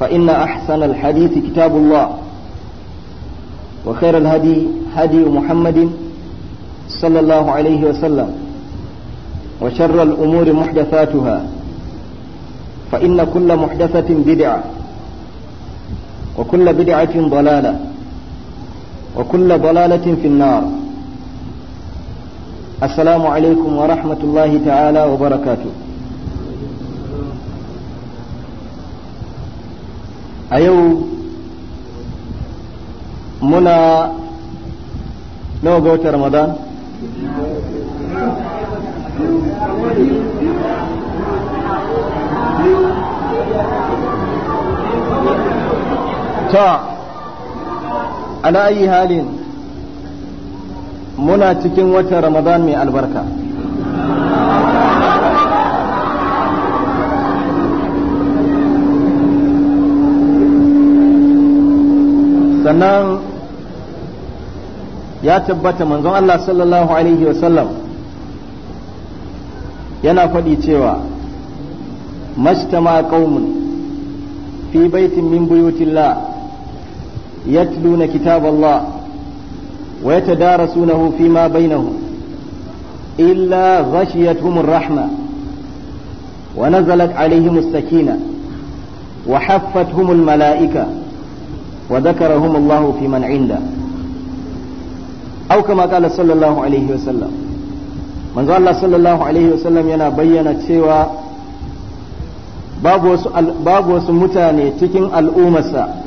فإن أحسن الحديث كتاب الله وخير الهدي هدي محمد صلى الله عليه وسلم وشر الأمور محدثاتها فإن كل محدثة بدعة وكل بدعة ضلالة وكل ضلالة في النار السلام عليكم ورحمة الله تعالى وبركاته a yau muna nawa ga wata ramadan ta ala ayi halin muna cikin watan ramadan mai albarka sannan ya tabbata manzon Allah sallallahu alaihi wasallam yana faɗi cewa mashtama qaumun fi baitin min buyutillah yatluna kitaballah wa yatadarasunahu fima bainahum rahma wa nazalat ونزلت عليهم السكينة وحفتهم mala'ika. وذكرهم الله في من عنده أو كما قال sallallahu الله wa sallam manzo Allah sallallahu alaihi sallam yana bayyana cewa babu wasu mutane cikin al'umarsa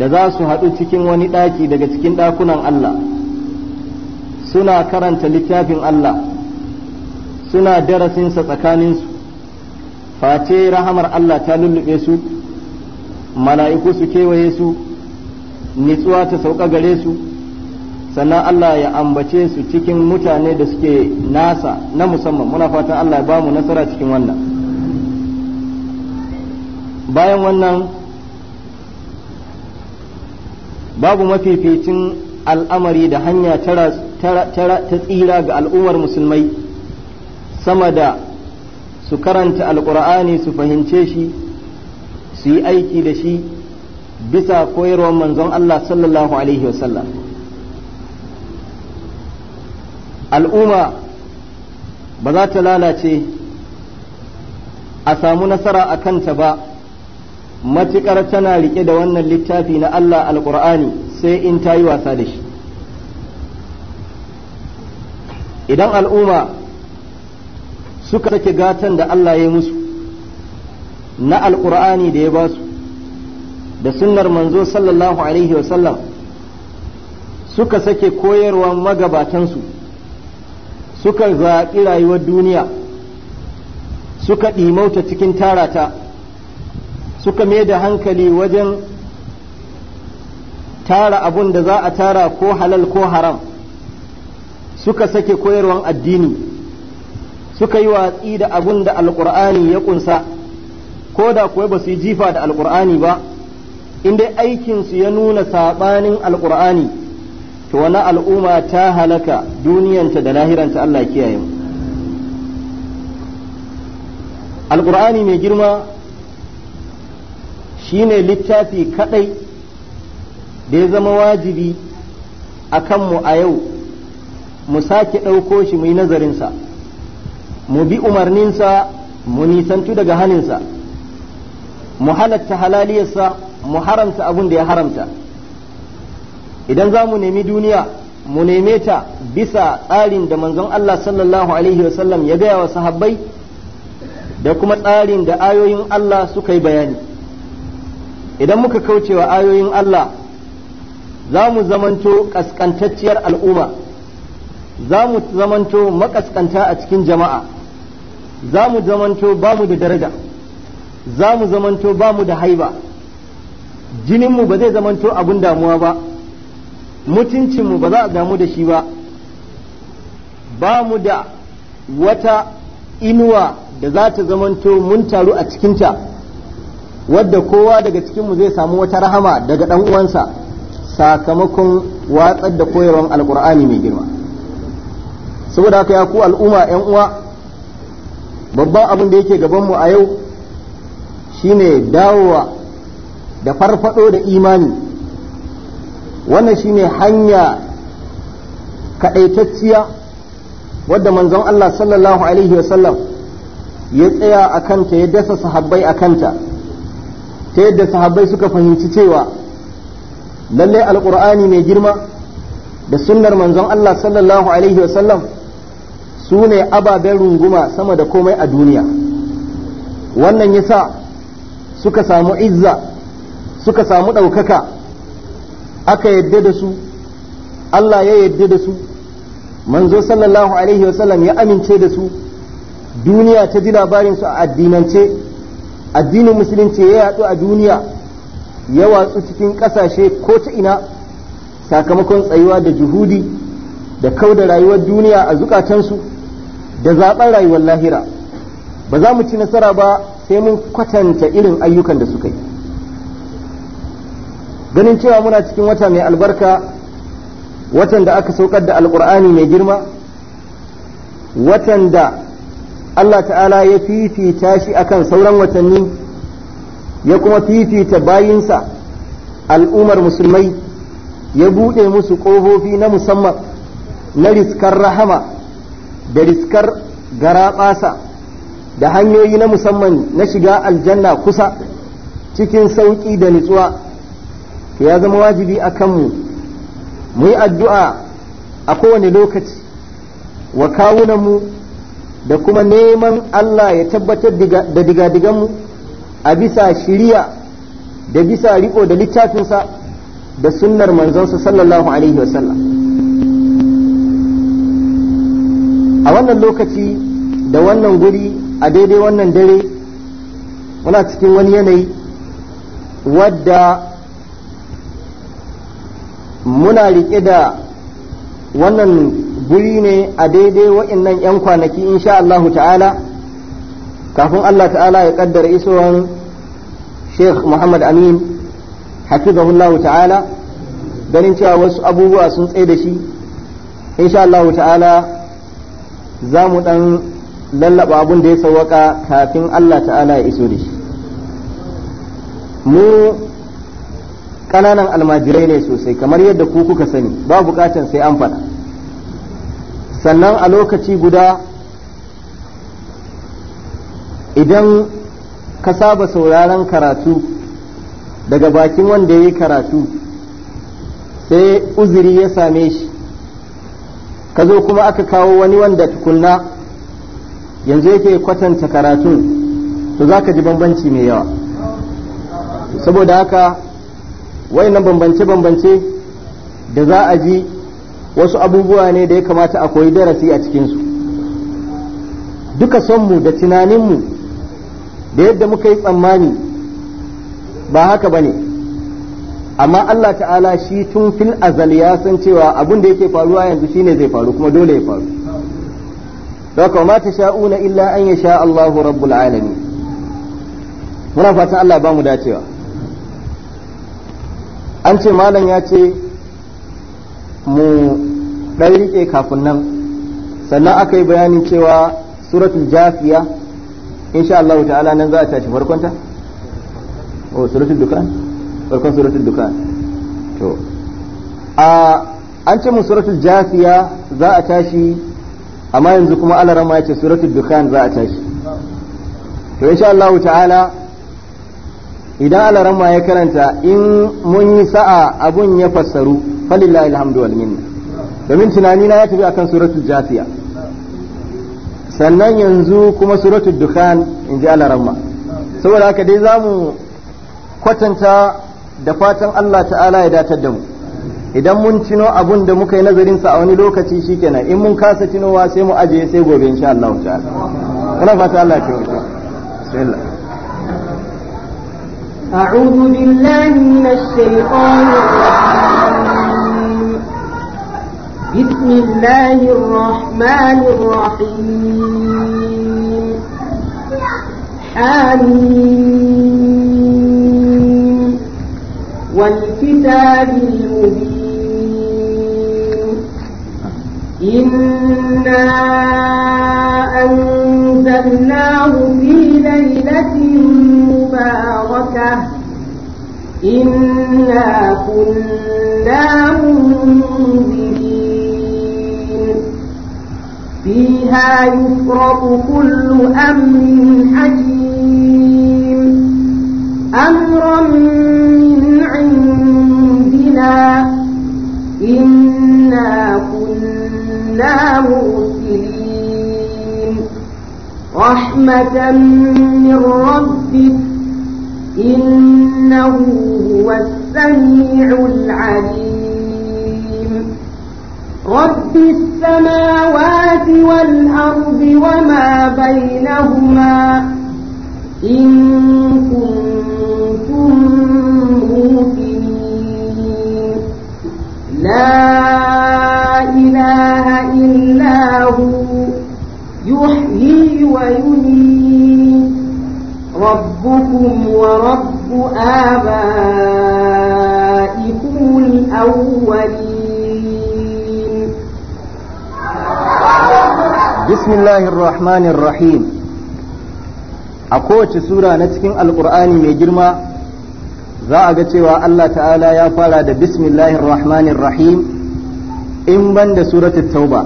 da za su haɗu cikin wani ɗaki daga cikin ɗakunan Allah suna karanta littafin Allah suna darasinsa tsakaninsu face rahamar Allah ta lullube su mala'iku su kewaye su nitsuwa ta sauka gare su sannan Allah ya ambace su cikin mutane da suke nasa na musamman muna fatan Allah ya bamu nasara cikin wannan bayan wannan babu mafificin al'amari da hanya ta tsira ga al'ummar musulmai sama da su karanta alƙur'ani su fahimce shi su yi aiki da shi bisa koyarwar manzon Allah sallallahu alaihi wasallam al'umma ba za ta lalace a samu nasara a kanta ba matuƙar tana riƙe da wannan littafi na Allah alƙur'ani sai in ta yi wasa da shi idan al'umma suka sake gatan da Allah ya musu na alkur'ani da ya ba su da sunnar manzo sallallahu alaihi wasallam suka sake koyarwa magabatansu suka zaɓi rayuwar duniya suka ɗimauta cikin tarata suka mai da hankali wajen tara abun da za a tara ko halal ko haram suka sake koyarwan addini suka yi watsi da abun da alkur'ani ya ƙunsa. ko da kuwa ba su yi jifa da alkur'ani ba in dai aikinsu ya nuna saɓanin alkur'ani to wani al'umma ta halaka duniyanta da lahiranta Allah kiyaye mu alkur'ani mai girma shi ne littafi kaɗai da ya zama wajibi a kanmu a yau mu sake ɗauko shi mu yi nazarinsa mu bi umarninsa mu nisantu daga haninsa mu halatta halaliyarsa mu haramta abin da ya haramta idan za mu nemi duniya mu neme ta bisa tsarin da manzon Allah sallallahu alaihi wasallam ya gaya wa sahabbai da kuma tsarin da ayoyin Allah suka yi bayani idan muka kauce wa ayoyin Allah za mu zamanto kaskantacciyar al'umma za mu zamanto makaskanta a cikin jama'a za mu zamanto babu da daraja. za mu zamanto ba mu da haiba jininmu ba zai zamanto abin damuwa ba mutuncinmu ba za a damu da shi ba ba mu da wata inuwa da za ta zamanto mun taru a cikinta wadda kowa daga cikinmu zai samu wata rahama daga ɗan uwansa sakamakon watsar da koyarwar alkur'ani mai girma saboda haka ya ku al'umma 'yan uwa babban abin da yake gabanmu a yau shine dawowa da farfado da imani wannan shine hanya kaɗaitacciya wadda manzon Allah sallallahu alaihi wasallam ya tsaya a kanta ya dasa sahabbai a kanta ta yadda sahabbai suka fahimci cewa lallai alƙur'ani mai girma da sunnar manzon Allah sallallahu alaihi wasallam su ne ababen runguma sama da komai a duniya wannan ya sa suka samu izza suka samu ɗaukaka aka yadda da su Allah ya yadda da su manzo sallallahu alaihi wasallam ya amince da su duniya ta ji labarin su a addinance addinin musulunci ya yadu a duniya ya watsu cikin ƙasashe ko ta ina sakamakon tsayuwa da juhudi da kau da rayuwar duniya a zukatansu da zaɓen rayuwar lahira ba za mu ci nasara ba sai mun kwatanta irin ayyukan da suka yi ganin cewa muna cikin wata mai albarka watan da aka saukar da alkur'ani mai girma watan da Allah ta'ala ya fifita shi akan sauran watanni ya kuma fifita bayinsa al'ummar musulmai ya buɗe musu ƙofofi na musamman na riskar rahama da riskar garaɓasa da hanyoyi na musamman na shiga aljanna kusa cikin sauƙi da nutsuwa to ya zama wajibi a kanmu mu yi addu'a a kowane lokaci wa kawunanmu da kuma neman Allah ya tabbatar da digadiganmu a bisa shiriya da bisa riko da littafinsa da sunnar manzonsa sallallahu alaihi wasallam a wannan lokaci da wannan guri a daidai wannan dare muna cikin wani yanayi wadda muna riƙe da wannan guri ne a daidai wa'innan 'yan kwanaki insha Allahu ta'ala kafin Allah ta'ala ya kaddara isowar Sheikh Muhammad Amin hafizahullahu ta'ala ganin cewa wasu abubuwa sun tsaye da shi insha Allahu ta'ala za mu ɗan lallaba abun da ya sauwaka kafin Allah ta'ala ya iso da shi mu ƙananan almajirai ne sosai kamar yadda ku kuka sani ba bukatan sai an faɗa sannan a lokaci guda idan ka saba sauraron karatu daga bakin wanda ya yi karatu sai uzuri ya same shi ka zo kuma aka kawo wani wanda tukunna yanzu yake kwatanta karatun to za ka ji bambanci mai yawa saboda haka wayannan bambance-bambance da za a ji wasu abubuwa ne da ya kamata a koyi darasi a cikinsu duka sonmu da tunaninmu da yadda muka yi tsammani ba haka ba ne amma Allah ta'ala shi tun fil azal ya san cewa abin da yake faruwa yanzu shine zai faru kuma dole ya faru Dauka ma ta sha'una illa an ya sha Allahu rabbul alami. Muna fatan Allah ba mu dacewa. An ce malam ya ce mu ɗan riƙe kafin nan, sannan aka yi bayanin cewa suratul jafiya insha Allah ta'ala nan za a tashi farkonta? O suratul dukan? Farkon suratul dukan. To, a an ce mu suratul jafiya za a tashi amma yanzu kuma Allah rama ya ce suratu dukhan za a tashi to insha Allah ta'ala idan Allah rama ya karanta in mun yi sa'a abun ya fassaru falillahi alhamdu wal minna domin tunani na ya tafi akan suratu jasiya sannan yanzu kuma suratu dukhan in ji Allah rama saboda haka dai zamu kwatanta da fatan Allah ta'ala ya datar da mu idan mun cino abun da muka yi nazarin sa a wani lokaci shikenan in mun kasa cinowa sai mu ajiye sai gobe insha Allah ta'ala kana fata Allah ya kiyaye bismillah a'udhu billahi minash shaitanir الرجيم بسم الله الرحمن الرحيم حميم والكتاب المبين إنا أنزلناه في ليلة مباركة إنا كنا منذرين فيها يفرق كل أمر حكيم من ربك إنه هو السميع العليم رب السماوات والأرض وما بينهما إن كنتم موقنين لا إله إلا هو يحيي ويميت ربكم ورب آبائكم الأولين بسم الله الرحمن الرحيم a kowace sura na cikin alkur'ani mai girma za a ga cewa Allah ta'ala ya fara da bismillahir rahmanir rahim in ban da suratul tauba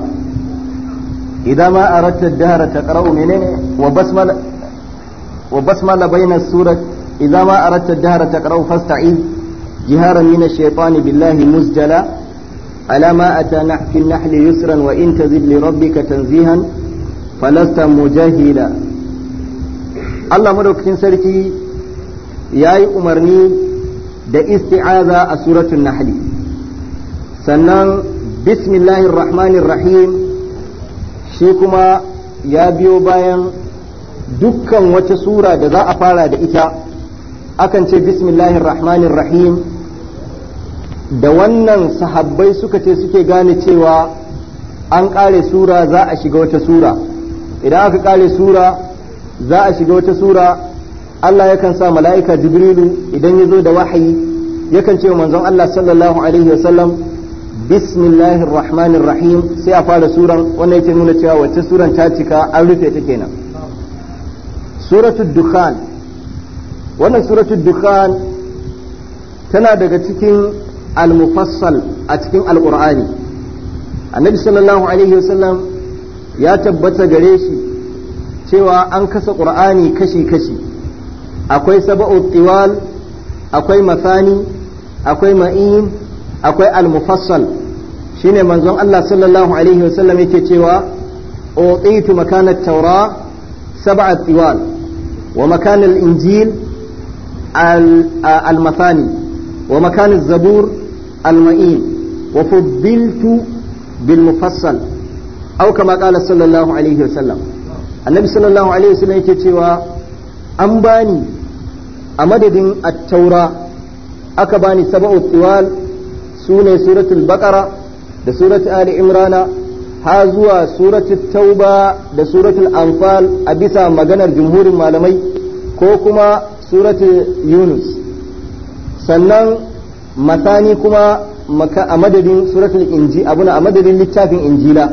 idan ma aratta dahara taqra'u menene wa basmala وبسمل بين السورة إذا ما أردت الدهر تقرأ فاستعيذ جهارا من الشيطان بالله مزجلا ألا ما أتى في النحل يسرا وإن تزد لربك تنزيها فلست مجاهلا الله مدوكتين سرتي ياي أمرني da isti'aza a suratul nahli sannan bismillahir rahmanir rahim shi kuma ya biyo bayan dukkan wata sura da za a fara da ita akan ce bismillahir rahmanir rahim da wannan sahabbai suka ce suke gane cewa an kare sura za a shiga wata sura idan aka kare sura za a shiga wata sura Allah yakan sa mala'ika jibrilu idan yazo da wahayi yakan ce manzon Allah sallallahu alaihi wasallam bismillahir rahmanir rahim sai a fara suran wannan yake nuna cewa wata suran ta cika an rufe ta kenan suratu dukhan wannan suratul dukhan tana daga cikin al-mufassal a cikin al-qur'ani annabi sallallahu alaihi wasallam ya tabbata gare shi cewa an kasa qur'ani kashi-kashi akwai saba'u tiwal akwai masani akwai ma'in akwai al-mufassal shine manzon Allah sallallahu alaihi wasallam yake cewa utitu makanat taura sab'a tiwal ومكان الإنجيل المثاني ومكان الزبور المئين وفضلت بالمفصل أو كما قال صلى الله عليه وسلم النبي صلى الله عليه وسلم يكتوى أنباني أمدد التوراة أكباني سبع الطوال سورة سورة البقرة da suratu ali imrana ha zuwa suratul tauba da suratul anfal a bisa maganar jumhurin malamai ko kuma suratul yunus sannan masani kuma a madadin suratul inji abuna a madadin littafin injila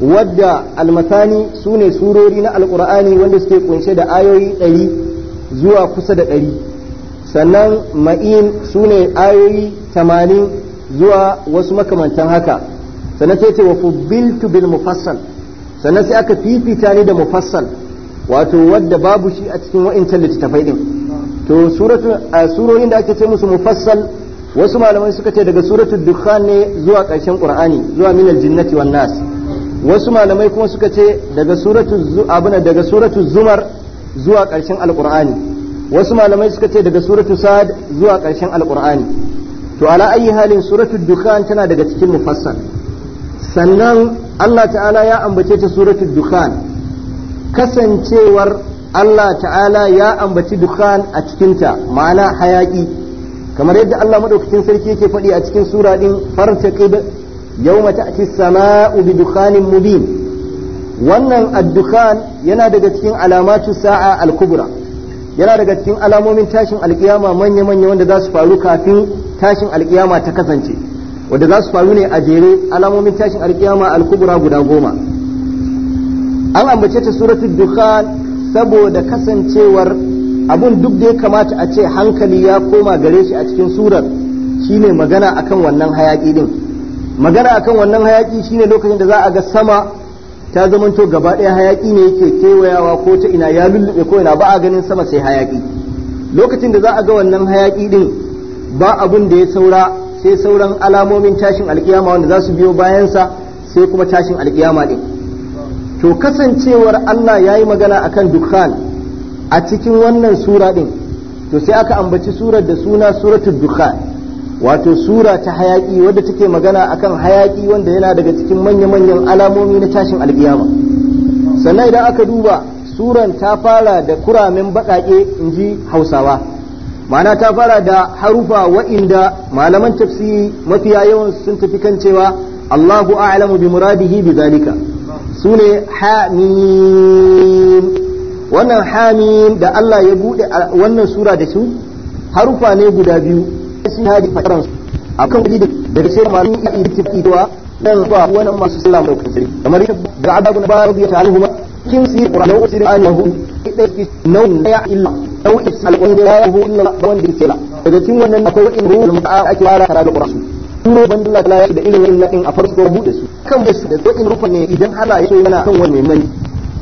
wadda almasani su ne surori na alkur'ani wanda suke kunshe da ayoyi ɗari zuwa kusa da ɗari sannan ma'in su ne ayoyi tamanin zuwa wasu makamantan haka sannan sai ce wa fubiltu bil mufassal sannan sai aka fifita ni da mufassal wato wadda babu shi a cikin wa'incan littattafai din to suratu a surorin da ake ce musu mufassal wasu malamai suka ce daga suratu dukhan ne zuwa ƙarshen qur'ani zuwa minal jinnati wan nas wasu malamai kuma suka ce daga suratu abuna daga suratu zumar zuwa ƙarshen alqur'ani wasu malamai suka ce daga suratu sad zuwa ƙarshen alqur'ani to ala ayi halin suratu dukhan tana daga cikin mufassal sannan Allah ta'ala ya ambace ta suratul dukhan kasancewar Allah ta'ala ya ambaci dukhan a cikinta ma'ana hayaki kamar yadda Allah madaukakin sarki yake faɗi a cikin sura din fartaqib yawma ta'ti as-sama'u bi dukhanin mubin wannan ad yana daga cikin alamatu sa'a al-kubra yana daga cikin alamomin tashin alƙiyama manya-manya wanda za su faru kafin tashin alkiyama ta kasance wanda za su faru ne a jere alamomin tashin alkiyama al-kubra guda goma an ambace ta surat dukhan saboda kasancewar abun duk da ya kamata a ce hankali ya koma gare shi a cikin surar shine magana akan wannan hayaki din magana akan wannan hayaki shine lokacin da za a ga sama ta zamanto gaba ɗaya hayaki ne yake kewayawa ko ta ina ya lullube ko ina ba a ganin sama sai hayaki lokacin da za a ga wannan hayaki din ba abun da ya saura sai sauran alamomin tashin alkiyama wanda za su biyo bayansa sai kuma tashin alkiyama ɗin to kasancewar Allah ya yi magana a kan dukkan a cikin wannan sura ɗin to sai aka ambaci surar da suna suratul dukhan wato sura ta hayaƙi wadda take magana a kan hayaƙi wanda yana daga cikin manya-manyan alamomi na tashin alkiyama sannan idan aka duba suran ta fara da kuramin baƙaƙe in ji hausawa ma'ana ta fara da harufa wa'inda malaman tafsiri mafiya yawan sun tafi kan cewa Allahu a'lamu bi muradihi bi zalika sune hamim wannan hamim da Allah ya bude wannan sura da su harufa ne guda biyu sun hadi fakaran su akan wani da sai malamin ya ittifaqi cewa dan ba wannan masu sallah mai kansari kamar da abagun ba radiyallahu anhu kin sir qur'anu usir annahu idai nau'in ya illa أو اسم الوالد لا يهو إلا الله وان بالفعل إذا تم أن أقول إن روح المقاعة أكوارا خراب القرآن in roban Allah ta yaki da ilimin illa in a farko bude su kan wasu da tsokin rufa ne idan Allah ya so yana kan wani mai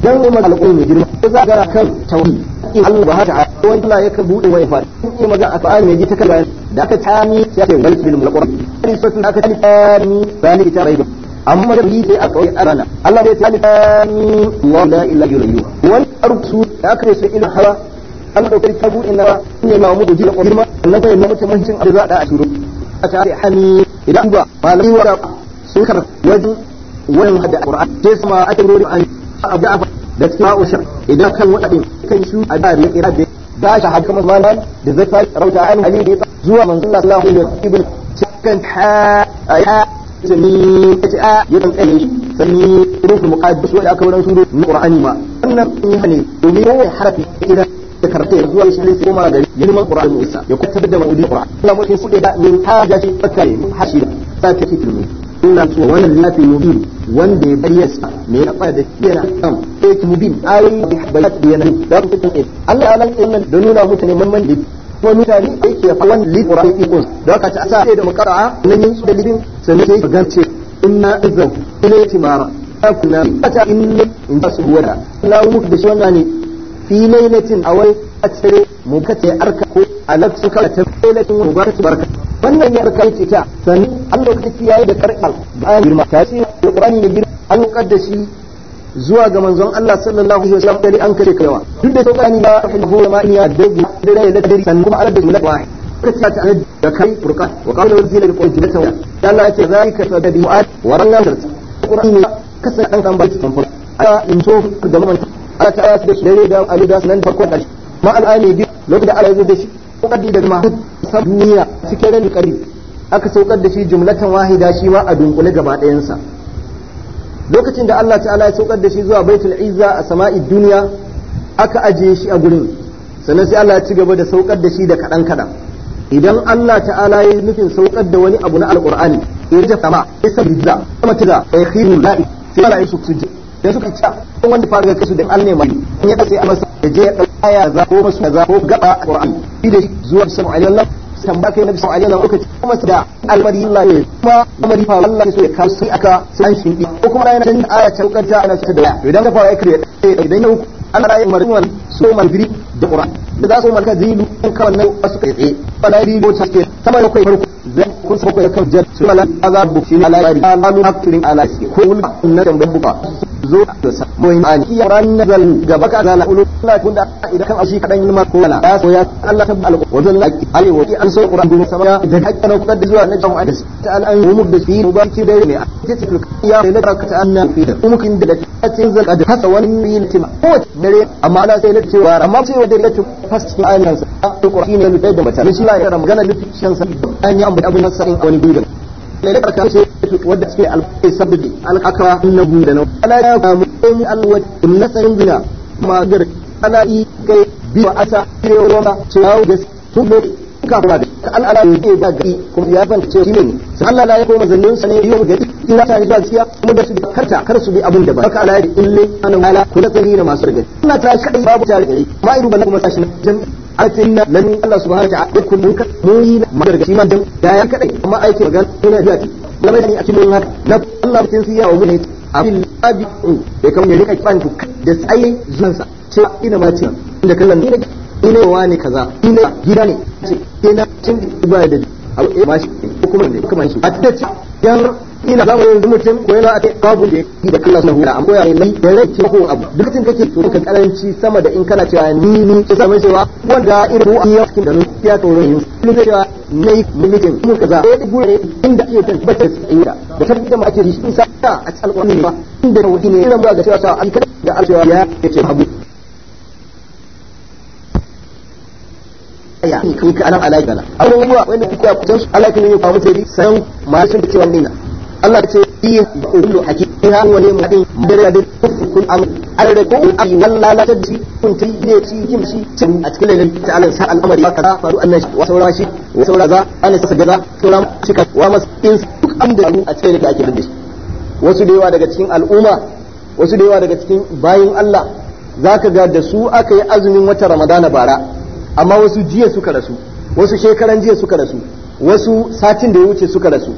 dan ne magana alƙawari mai girma ko za ga kan tauhi in Allah ba haka wani Allah ya kan bude wani fara in magana a fa'al mai ji ta kan da aka tami ya ce wal bil mulqur'an in sotin da aka tami bani ta bai amma da yi sai a tsoyi arana Allah a tani tami wa la ilaha illallah wal arsu da aka yi hawa Allah da sarki abu ina ne ma mudu jira girma annan bai na mutum mancin abu da a shuru a tare hani idan ba malami wa sun kar wajen wannan hada qur'an sai sama ake rori an a da da cikin ma'ushar idan kan wadadin kan shu a da ya kira da ba shi hakka mazmanan da zai fa rauta an hali da zuwa manzon Allah sallallahu alaihi wasallam ibn cikin ha ya sami ta ya dan tsaye sami rukun muqaddas wa aka wurin suru na qur'ani ma wannan ne domin harafi idan da karatu yanzu wani shirin sai koma gari ya neman Qur'an mu isa ya kwatar da ma'udin Qur'an kuma mutum su da min haja shi tsakare hashi da sai ta fikiri ina so wannan lafi mubin wanda ya bayyana sa me ya fada yana kan sai mubin ayi bayyana da yana da ku tun Allah alan innan da nuna mutane mamman da ko mutane yake fa wannan li Qur'an iko da aka ta asa da muqara'a nan yin su da libin sannan sai gance inna izzau ilaytimara akuna ata inni in basu wada Allah muku da shi في ليلة a wani mu kace arka ko alaksu kala ta lailatin wani barka barka wannan ya arka ce ta sannan Allah ka kiyaye da bayan girma ta ce alqur'ani ne girma an zuwa ga manzon Allah sallallahu alaihi wasallam dare an kace kaiwa duk da tsokani a hulu ma iya dabi dare da dare sannan kuma alad da wahid kace ta da kai furqan wa qala wazila ya Allah ce zalika fadadi mu'ad wa ranan qur'ani kasa an kan ba tamfur a in so ala ta yasu da shi dare da alu da sanan farkon ƙarshe ma al'ani biyu lokacin da Allah ya zo da shi saukar da mahud san duniya cikin ranin ƙari aka saukar da shi jumlatan wahida shi ma a dunkule gaba ɗayansa lokacin da Allah ta'ala ya saukar da shi zuwa baitul izza a sama'i duniya aka ajiye shi a gurin sannan sai Allah ya ci gaba da saukar da shi da kaɗan kaɗan idan Allah ta'ala ya nufin saukar da wani abu na alƙur'ani ya rija sama ya sabbi da sama tiga ya khiru la'i sai Allah su da suka ci kun wanda fara kai su an Allah ne mai in ya dace a masa da je ya dauka ya za ko masu za ko gaba Qur'an shi da zuwa sallallahu alaihi wasallam san ba kai nabi sallallahu alaihi wasallam lokaci kuma da almari Allah ne kuma almari fa Allah so ya kawo sai aka san shi ko kuma yana cin aya caukanta ana ta da idan ka fara aikata idan ya hukunta ana marin wani so biri da Qur'an da za su malka zilu in kawai nan wasu kai tsaye ba da ribo ta ce sama da kai farko zai kun sako ya kan jar su malan azabu shi ne alai alamu ko da buka zo da sabon imani ya ran nazal gaba ka zala ulu la kunda idan kan ashi kadan ma ko la ya so ya Allah tabbal wajen la ai wa an so qur'an dun sama da hakkan ku da zuwa na jama'a ta a an mu da fi ba ki da ne ta ce ya da ka an nan fi da mumkin da ta ce zal da hasa wani min tim ko dare amma ana sai lati wa amma sai wa dare ta fast ayan sa qur'ani ne da mata shi la ya magana da shan sa an yi amma abun nan sai wani bidan ne da karka ce wadda suke alfai sabbi alƙaƙa annabu da nau ala ya kamu ɗomi alwad in nasarin bina magar ala yi kai biyu asa cewa cewa su ka kuma da al'ala ne ke ba gari kuma ya fanta cewa shine sai Allah la ya koma zannin sa ne yau gari ina ta ni gaskiya kuma da su da karta kar su bi abin da ba haka Allah ya ille ana wala ku da tsari na masu gari ina ta shi babu ta gari ma iru ban kuma sashi jam atinna lan Allah subhanahu wa ta'ala kun mun ka mun yi ma gargashi ma dan da ya kadai amma aiki magana ina biya ti lamai da a cikin haka na Allah mutum siya wa mun abin labi'u da kamar ya rika mm, da tsayin zuwansa ina ma cewa da kallon ni ina wa ne kaza ina gida ne ce ina cin ba da ji abu ya eh, bashi ko kuma ne kuma shi hatta ci yan ina za mu yanzu mutum ko yana ake babu da yi da Allah subhanahu wa ta'ala amma ya lai da rai ko abu duk tun kake so ka karanci sama da in kana cewa ni ni ke samun cewa wanda irin ruwa ya cikin da nan ya tsoro yin ni cewa ne mulkin mun kaza eh gure inda ke tabbatar da inda da tabbata da ake shi sa a cikin alƙawari ba inda wani ne irin ba ga cewa sa an kada da alƙawari ya ce babu ya kai alai gala wanda ku su san ma Allah ce kullu da kun ko ai la kun ti ne shi a cikin lalin ta Allah sa al'amari ya kaza faru annan wa saura shi wa saura za an sa gaza saura shi ka wa duk an da a cikin da ake shi wasu da yawa daga cikin al'umma wasu da yawa daga cikin bayin Allah zaka ga da su aka yi azumin wata Ramadana bara amma wasu jiya suka rasu wasu shekaran jiya suka rasu wasu satin da ya wuce suka rasu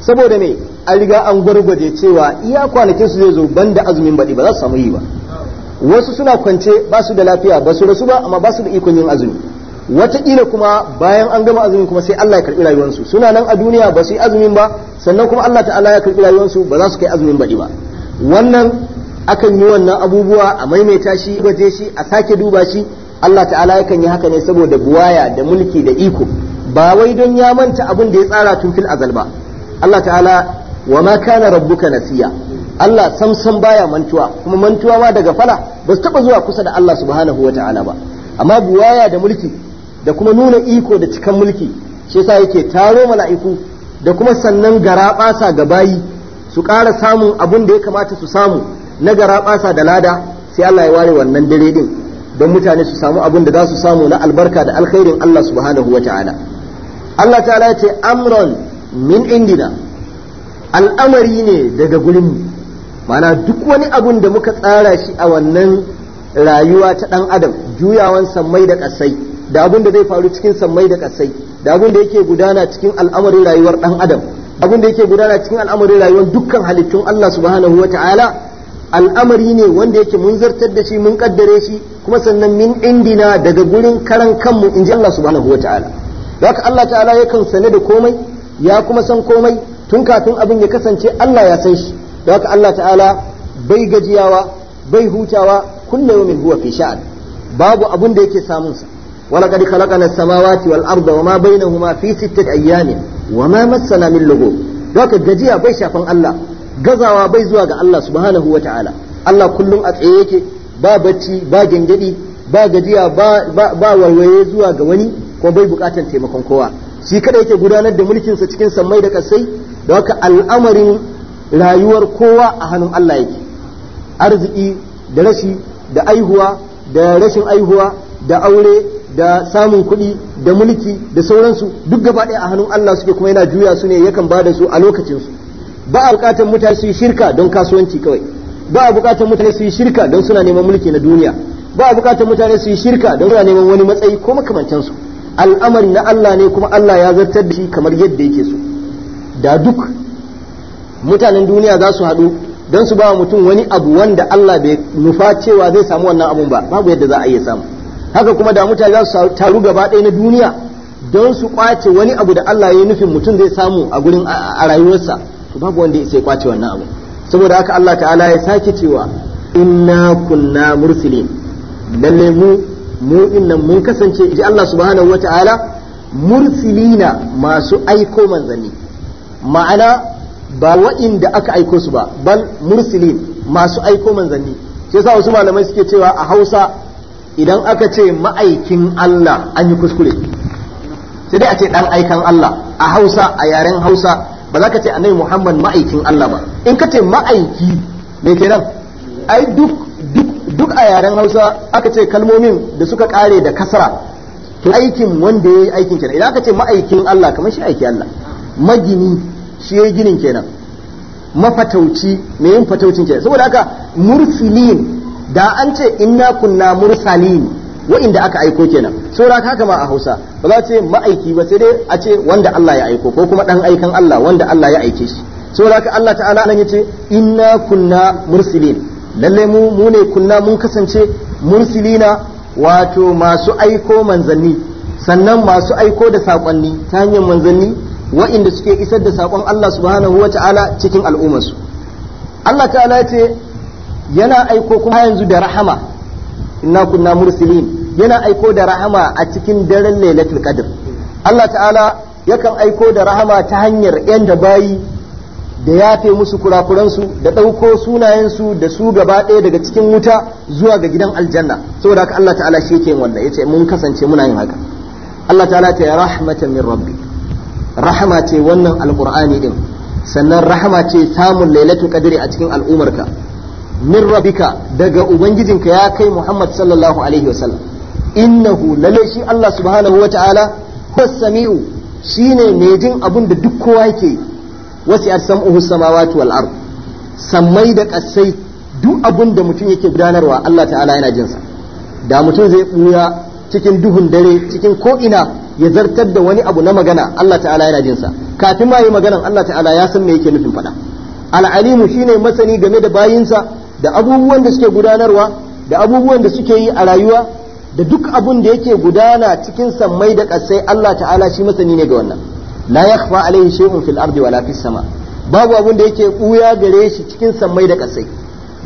saboda me an riga an gwargwaje cewa iya kwanakin su zai zo ban da azumin baɗi ba za su samu yi ba wasu suna kwance ba su da lafiya ba su rasu ba amma ba su da ikon yin azumi wataƙila kuma bayan an gama azumin kuma sai Allah ya karɓi rayuwarsu suna nan a duniya ba su yi azumin ba sannan kuma Allah ta'ala ya karɓi rayuwarsu ba za su kai azumin baɗi ba wannan akan yi wannan abubuwa a maimaita shi gwaje shi a sake duba shi Allah ta'ala yakan yi haka ne saboda buwaya da mulki da iko ba wai don ya manta abin da ya tsara tun fil azal ba Allah ta'ala wa ma kana rabbuka nasiya Allah samsam baya mantuwa kuma mantuwa ma daga fala ba su taba zuwa kusa da Allah subhanahu wata'ala ba amma buwaya da mulki da kuma nuna iko da cikan mulki shi yasa yake taro mala'iku da kuma sannan garaɓasa ga bayi su kara samun abin da ya kamata su samu na garaɓasa da lada sai Allah ya ware wannan dare din don mutane su samu abin da za su samu na albarka da alkhairin Allah subhanahu wa ta'ala Allah ta'ala ya ce amron min indina al'amari ne daga gurin mu mana duk wani abun da muka tsara shi a wannan rayuwa ta dan adam juyawan sammai da kasai da abun da zai faru cikin sammai da kasai da abun da yake gudana cikin al'amarin rayuwar dan adam abun da yake gudana cikin al'amarin rayuwar dukkan halittun Allah subhanahu wa ta'ala al'amari ne wanda yake mun zartar da shi mun kaddare shi kuma sannan min indina daga gurin karan kanmu in ji Allah subhanahu wa ta'ala haka Allah ta'ala yakan sane da komai ya kuma san komai tun kafin abin ya kasance Allah ya san shi haka Allah ta'ala bai gajiyawa bai hutawa kullu yawmin huwa fi sha'an babu abin da yake samun sa wala qad khalaqana samawati wal arda wama bainahuma fi sittati ayyamin wama massana min lughub haka gajiya bai shafan Allah gazawa bai zuwa ga Allah subhanahu wa ta'ala Allah kullum a tsaye yake ba bacci ba gyangyaɗi ba gajiya ba warware zuwa ga wani kuma bai bukatar taimakon kowa shi kada yake gudanar da mulkin sa cikin sammai da kasai da haka al'amarin rayuwar kowa a hannun Allah yake arziki da rashi da aihuwa da rashin aihuwa da aure da samun kuɗi da mulki da sauransu duk gaba ɗaya a hannun Allah suke kuma yana juya su ne yakan ba da su a lokacin su ba a bukatar mutane su shirka don kasuwanci kawai ba a bukatar mutane su yi shirka don suna neman mulki na duniya ba a bukatar mutane su yi shirka don suna neman wani matsayi ko makamantansu al'amari na Allah ne kuma Allah ya zartar da shi kamar yadda yake so da duk mutanen duniya za su haɗu don su ba mutum wani abu wanda Allah bai nufa cewa zai samu wannan abun ba babu yadda za a iya samu haka kuma da mutane za su taru gaba ɗaya na duniya don su kwace wani abu da Allah ya nufin mutum zai samu a gurin a rayuwarsa to babu wanda ya sai kwace wannan abu saboda haka Allah ta'ala ya sake cewa inna kunna mursilin lalle mu mu inna mun kasance ji Allah subhanahu wa ta'ala mursilina masu aiko manzanni ma'ana ba wa'inda aka aiko su ba bal mursilin masu aiko manzanni shi yasa wasu malamai suke cewa a Hausa idan aka ce ma'aikin Allah an yi kuskure sai dai a ce dan aikan Allah a Hausa a yaren Hausa ba za ka ce annabi Muhammad ma'aikin Allah ba in ka ce ma'aiki me kenan ai duk duk a yaren Hausa aka ce kalmomin da suka kare da kasara to aikin wanda yayi aikin kenan idan aka ce ma'aikin Allah kamar shi aiki Allah magini shi yayi ginin kenan mafatauci me yin fataucin kenan saboda haka mursilin da an ce inna kunna mursalin wa'inda aka aiko kenan saura haka ma a Hausa ba za ce ma'aiki ba sai dai a ce wanda Allah ya aiko ko kuma dan aikan Allah wanda Allah ya aike shi saura ka Allah ta'ala nan yace inna kunna mursilin lalle mu mu ne kunna mun kasance mursilina wato masu aiko manzanni sannan masu aiko da sakonni ta hanyar manzanni wa'inda suke isar da sakon Allah subhanahu wata'ala ta'ala cikin al'ummarsu Allah ta'ala ce yana aiko kuma yanzu da rahama inna kunna mursilin yana aiko da rahama a cikin daren lailatul qadr Allah ta'ala yakan aiko da rahama ta hanyar yan da bayi da yafe musu su da ɗauko sunayensu da su gaba ɗaya daga cikin wuta zuwa ga gidan aljanna saboda haka Allah ta'ala shi yake wanda yace mun kasance muna yin haka Allah ta'ala ta ya rahmatan min rabbi rahama ce wannan alqur'ani din sannan rahama ce samun lailatul qadri a cikin al'umarka min rabbika daga ubangijinka ya kai Muhammad sallallahu alaihi wasallam innahu lalle shi Allah subhanahu wataala sami'u shine mai jin abin da duk kowa yake wasi as-sam'u samawati wal ard sammai da kasai duk abin da mutum yake gudanarwa Allah ta'ala yana jinsa da mutum zai buya cikin duhun dare cikin ko ina ya zartar da wani abu na magana Allah ta'ala yana jinsa kafin ma yi maganan Allah ta'ala ya san me yake nufin faɗa al'alimu shine masani game da bayinsa da abubuwan da suke gudanarwa da abubuwan da suke yi a rayuwa da duk abun da yake gudana cikin sammai da ƙasai Allah ta'ala shi masani ne ga wannan la yakhfa alaihi shay'un fil ardi wala fis sama babu abun da yake buya gare shi cikin sammai da ƙasai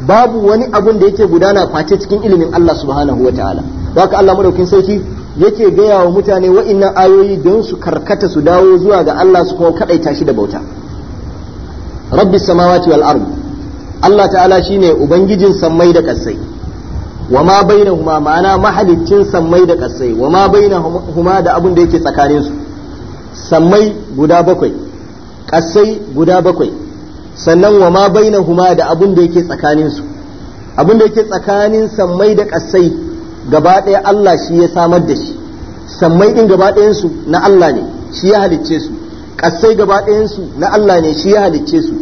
babu wani abun da yake gudana face cikin ilimin Allah subhanahu wa ta'ala haka Allah madaukin sarki yake gaya wa mutane wa'innan ayoyi don su karkata su dawo zuwa ga Allah su kuma kadaita shi da bauta rabbis samawati wal ardi Allah ta'ala shi ne ubangijin sammai da kassai wa ma huma ma'ana mahalicin sammai da kassai wa ma huma da abin da yake tsakanin su sammai guda bakwai kassai guda bakwai sannan wa ma huma da abin da yake tsakanin su abin da yake tsakanin sammai da kassai gaba ɗaya Allah shi ya samar da shi sammai ɗin gaba su na Allah ne shi ya halicce su kassai gaba ɗayansu su na Allah ne shi ya halicce su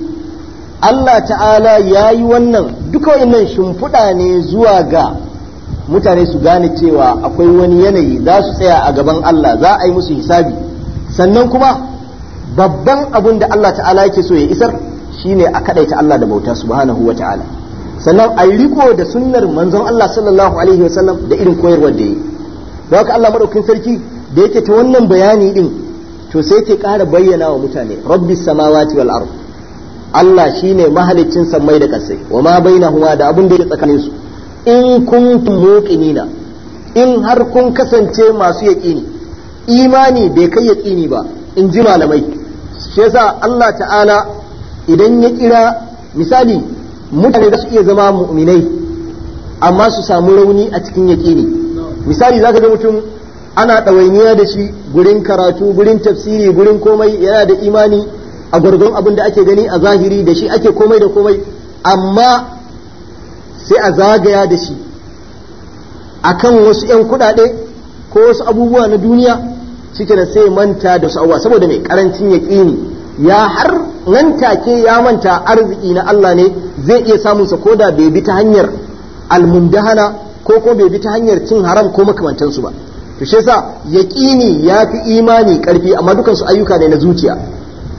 Allah ta'ala ya yi wannan duka wannan shimfiɗa ne zuwa ga mutane su gane cewa akwai wani yanayi za su tsaya a gaban Allah za a yi musu hisabi sannan kuma babban abin da Allah ta'ala yake so ya isar shine a kaɗaita Allah da bauta subhanahu wa ta'ala sannan a riko da sunnar manzon Allah sallallahu alaihi wasallam da irin koyarwar da yi don haka Allah madaukakin sarki da yake ta wannan bayani din to sai yake ƙara bayyana wa mutane rabbis samawati wal ardh Allah shi ne mahaliccin sammai da ƙasai wa ma huwa da abin da ya tsakanin su in kun muqinina in har kun kasance masu yaqini imani bai kai yaqini ba in ji malamai shi yasa Allah ta'ala idan ya kira misali mutane da su iya zama mu'minai amma su samu rauni a cikin yaqini misali zaka ga mutum ana ɗawainiya da shi gurin karatu gurin tafsiri gurin komai yana da imani a gwargwadon abin da ake gani a zahiri da shi ake komai da komai amma sai a zagaya da shi akan wasu 'yan kuɗaɗe ko wasu abubuwa na duniya cikin sai manta da su abuwa saboda mai karancin yaƙini ya har nan take ya manta arziki na Allah ne zai iya samun sa da bai bi ta hanyar almundahana ko ko bai bi ta hanyar cin haram ko makamantansu ba to shi yasa yaƙini ya fi imani ƙarfi amma dukansu ayyuka ne na zuciya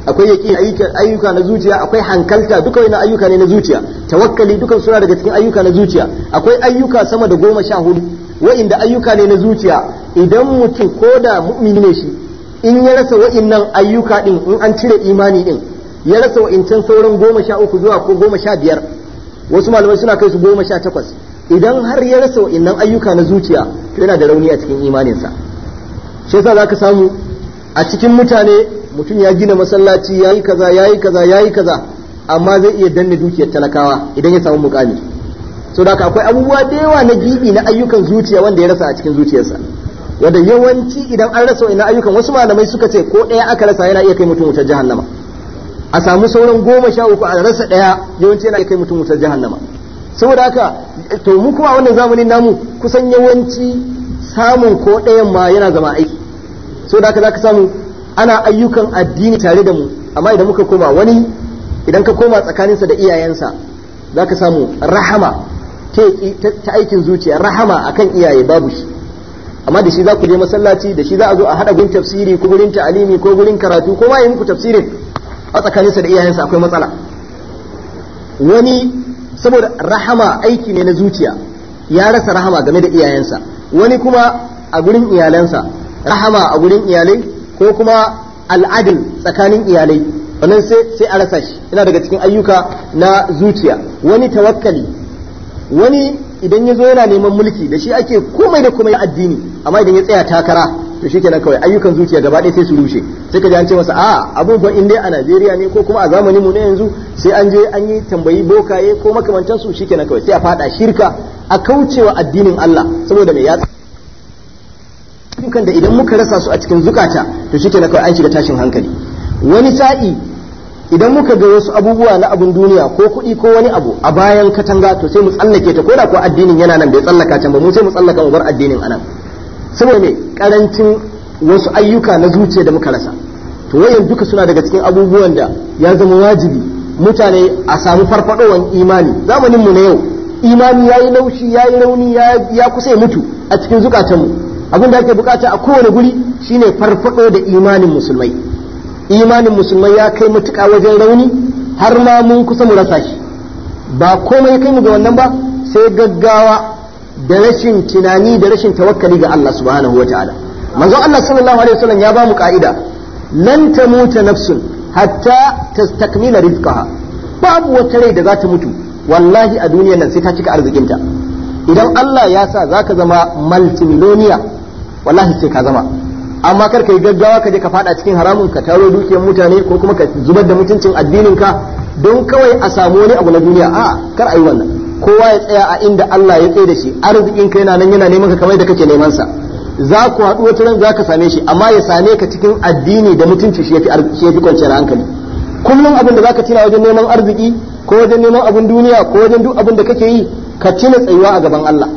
akwai yaki ayyuka na zuciya akwai hankalta duka wani ayyuka ne na zuciya tawakkali dukan suna daga cikin ayyuka na zuciya akwai ayyuka sama da goma sha hudu wa'inda ayyuka ne na zuciya idan mutum ko da mu'mini ne shi in ya rasa wa'innan ayyuka din in an cire imani din ya rasa wa'incan sauran goma sha uku zuwa ko goma sha biyar wasu malamai suna kai su goma sha takwas idan har ya rasa wa'innan ayyuka na zuciya to yana da rauni a cikin imaninsa shi yasa zaka samu a cikin mutane mutum ya gina masallaci ya yi kaza ya yi kaza ya yi kaza amma zai iya danne dukiyar talakawa idan ya samu mukami so da akwai abubuwa da yawa na gibi na ayyukan zuciya wanda ya rasa a cikin zuciyarsa wanda yawanci idan an rasa ina ayyukan wasu malamai suka ce ko ɗaya aka rasa yana iya kai mutum wutar jahannama a samu sauran goma sha uku a rasa ɗaya yawanci yana iya kai mutum wutar jahannama saboda haka to mu kuma wannan zamanin namu kusan yawanci samun ko ɗayan ma yana zama aiki saboda haka za samu ana ayyukan addini tare da mu amma idan muka koma wani idan ka koma tsakaninsa da iyayensa za ka samu rahama ta aikin zuciya rahama akan iyaye babu shi amma da shi za ku je masallaci da shi za a zo a haɗa gurin tafsiri ko gurin ta'alimi ko gurin karatu ko ma yi muku tafsirin a tsakaninsa da iyayensa akwai matsala wani saboda rahama aiki ne na zuciya ya rasa rahama game da iyayensa wani kuma a gurin iyalansa rahama a gurin iyalai ko kuma al'adil tsakanin iyalai wannan sai sai a rasa shi yana daga cikin ayyuka na zuciya wani tawakkali wani idan ya zo yana neman mulki da shi ake komai da komai addini amma idan ya tsaya takara to shikenan kawai ayyukan zuciya gaba ɗaya sai su rushe sai ka ji ce masa a abubuwan in dai a Najeriya ne ko kuma a zamanin mu na yanzu sai an je an yi tambayi bokaye ko makamantan su shikenan kawai sai a fada shirka a kaucewa addinin Allah saboda mai yatsa ayyukan da idan muka rasa su a cikin zukata to shi na kawai an shiga tashin hankali wani sa'i idan muka ga wasu abubuwa na abun duniya ko kuɗi ko wani abu a bayan katanga to sai mu tsallake ta ko da ko addinin yana nan bai tsallaka can ba mu sai mu tsallaka ubar addinin anan saboda me karancin wasu ayyuka na zuciya da muka rasa to wayan duka suna daga cikin abubuwan da ya zama wajibi mutane a samu farfaɗowan imani zamanin mu na yau imani yayi laushi yayi rauni ya kusa mutu a cikin zukatanmu mu abin da ake bukata a kowane guri shine farfado da imanin musulmai imanin musulmai ya kai matuƙa wajen rauni har ma mun kusa mu rasa shi ba komai kai mu ga wannan ba sai gaggawa da rashin tunani da rashin tawakkali ga Allah subhanahu wataala manzo Allah sallallahu alaihi wasallam ya ba mu ka'ida lan tamuta nafsun hatta tastakmila rizqaha babu wata rai da za ta mutu wallahi a duniyar nan sai ta cika arzikinta idan Allah ya sa zaka zama multimillionaire wallahi sai ka zama amma kar ka gaggawa ka je ka fada cikin haramun ka taro dukiyar mutane ko kuma ka zubar da mutuncin addinin ka don kawai a samu wani abu na duniya a kar a yi wannan kowa ya tsaya a inda Allah ya tsaye da shi arzikin ka yana nan yana neman ka kamar da kake neman sa za ku haɗu wata ran za ka same shi amma ya same ka cikin addini da mutunci shi yafi kwanciyar hankali kullum abin da za ka tuna wajen neman arziki ko wajen neman abin duniya ko wajen duk abin da kake yi ka tuna tsayuwa a gaban Allah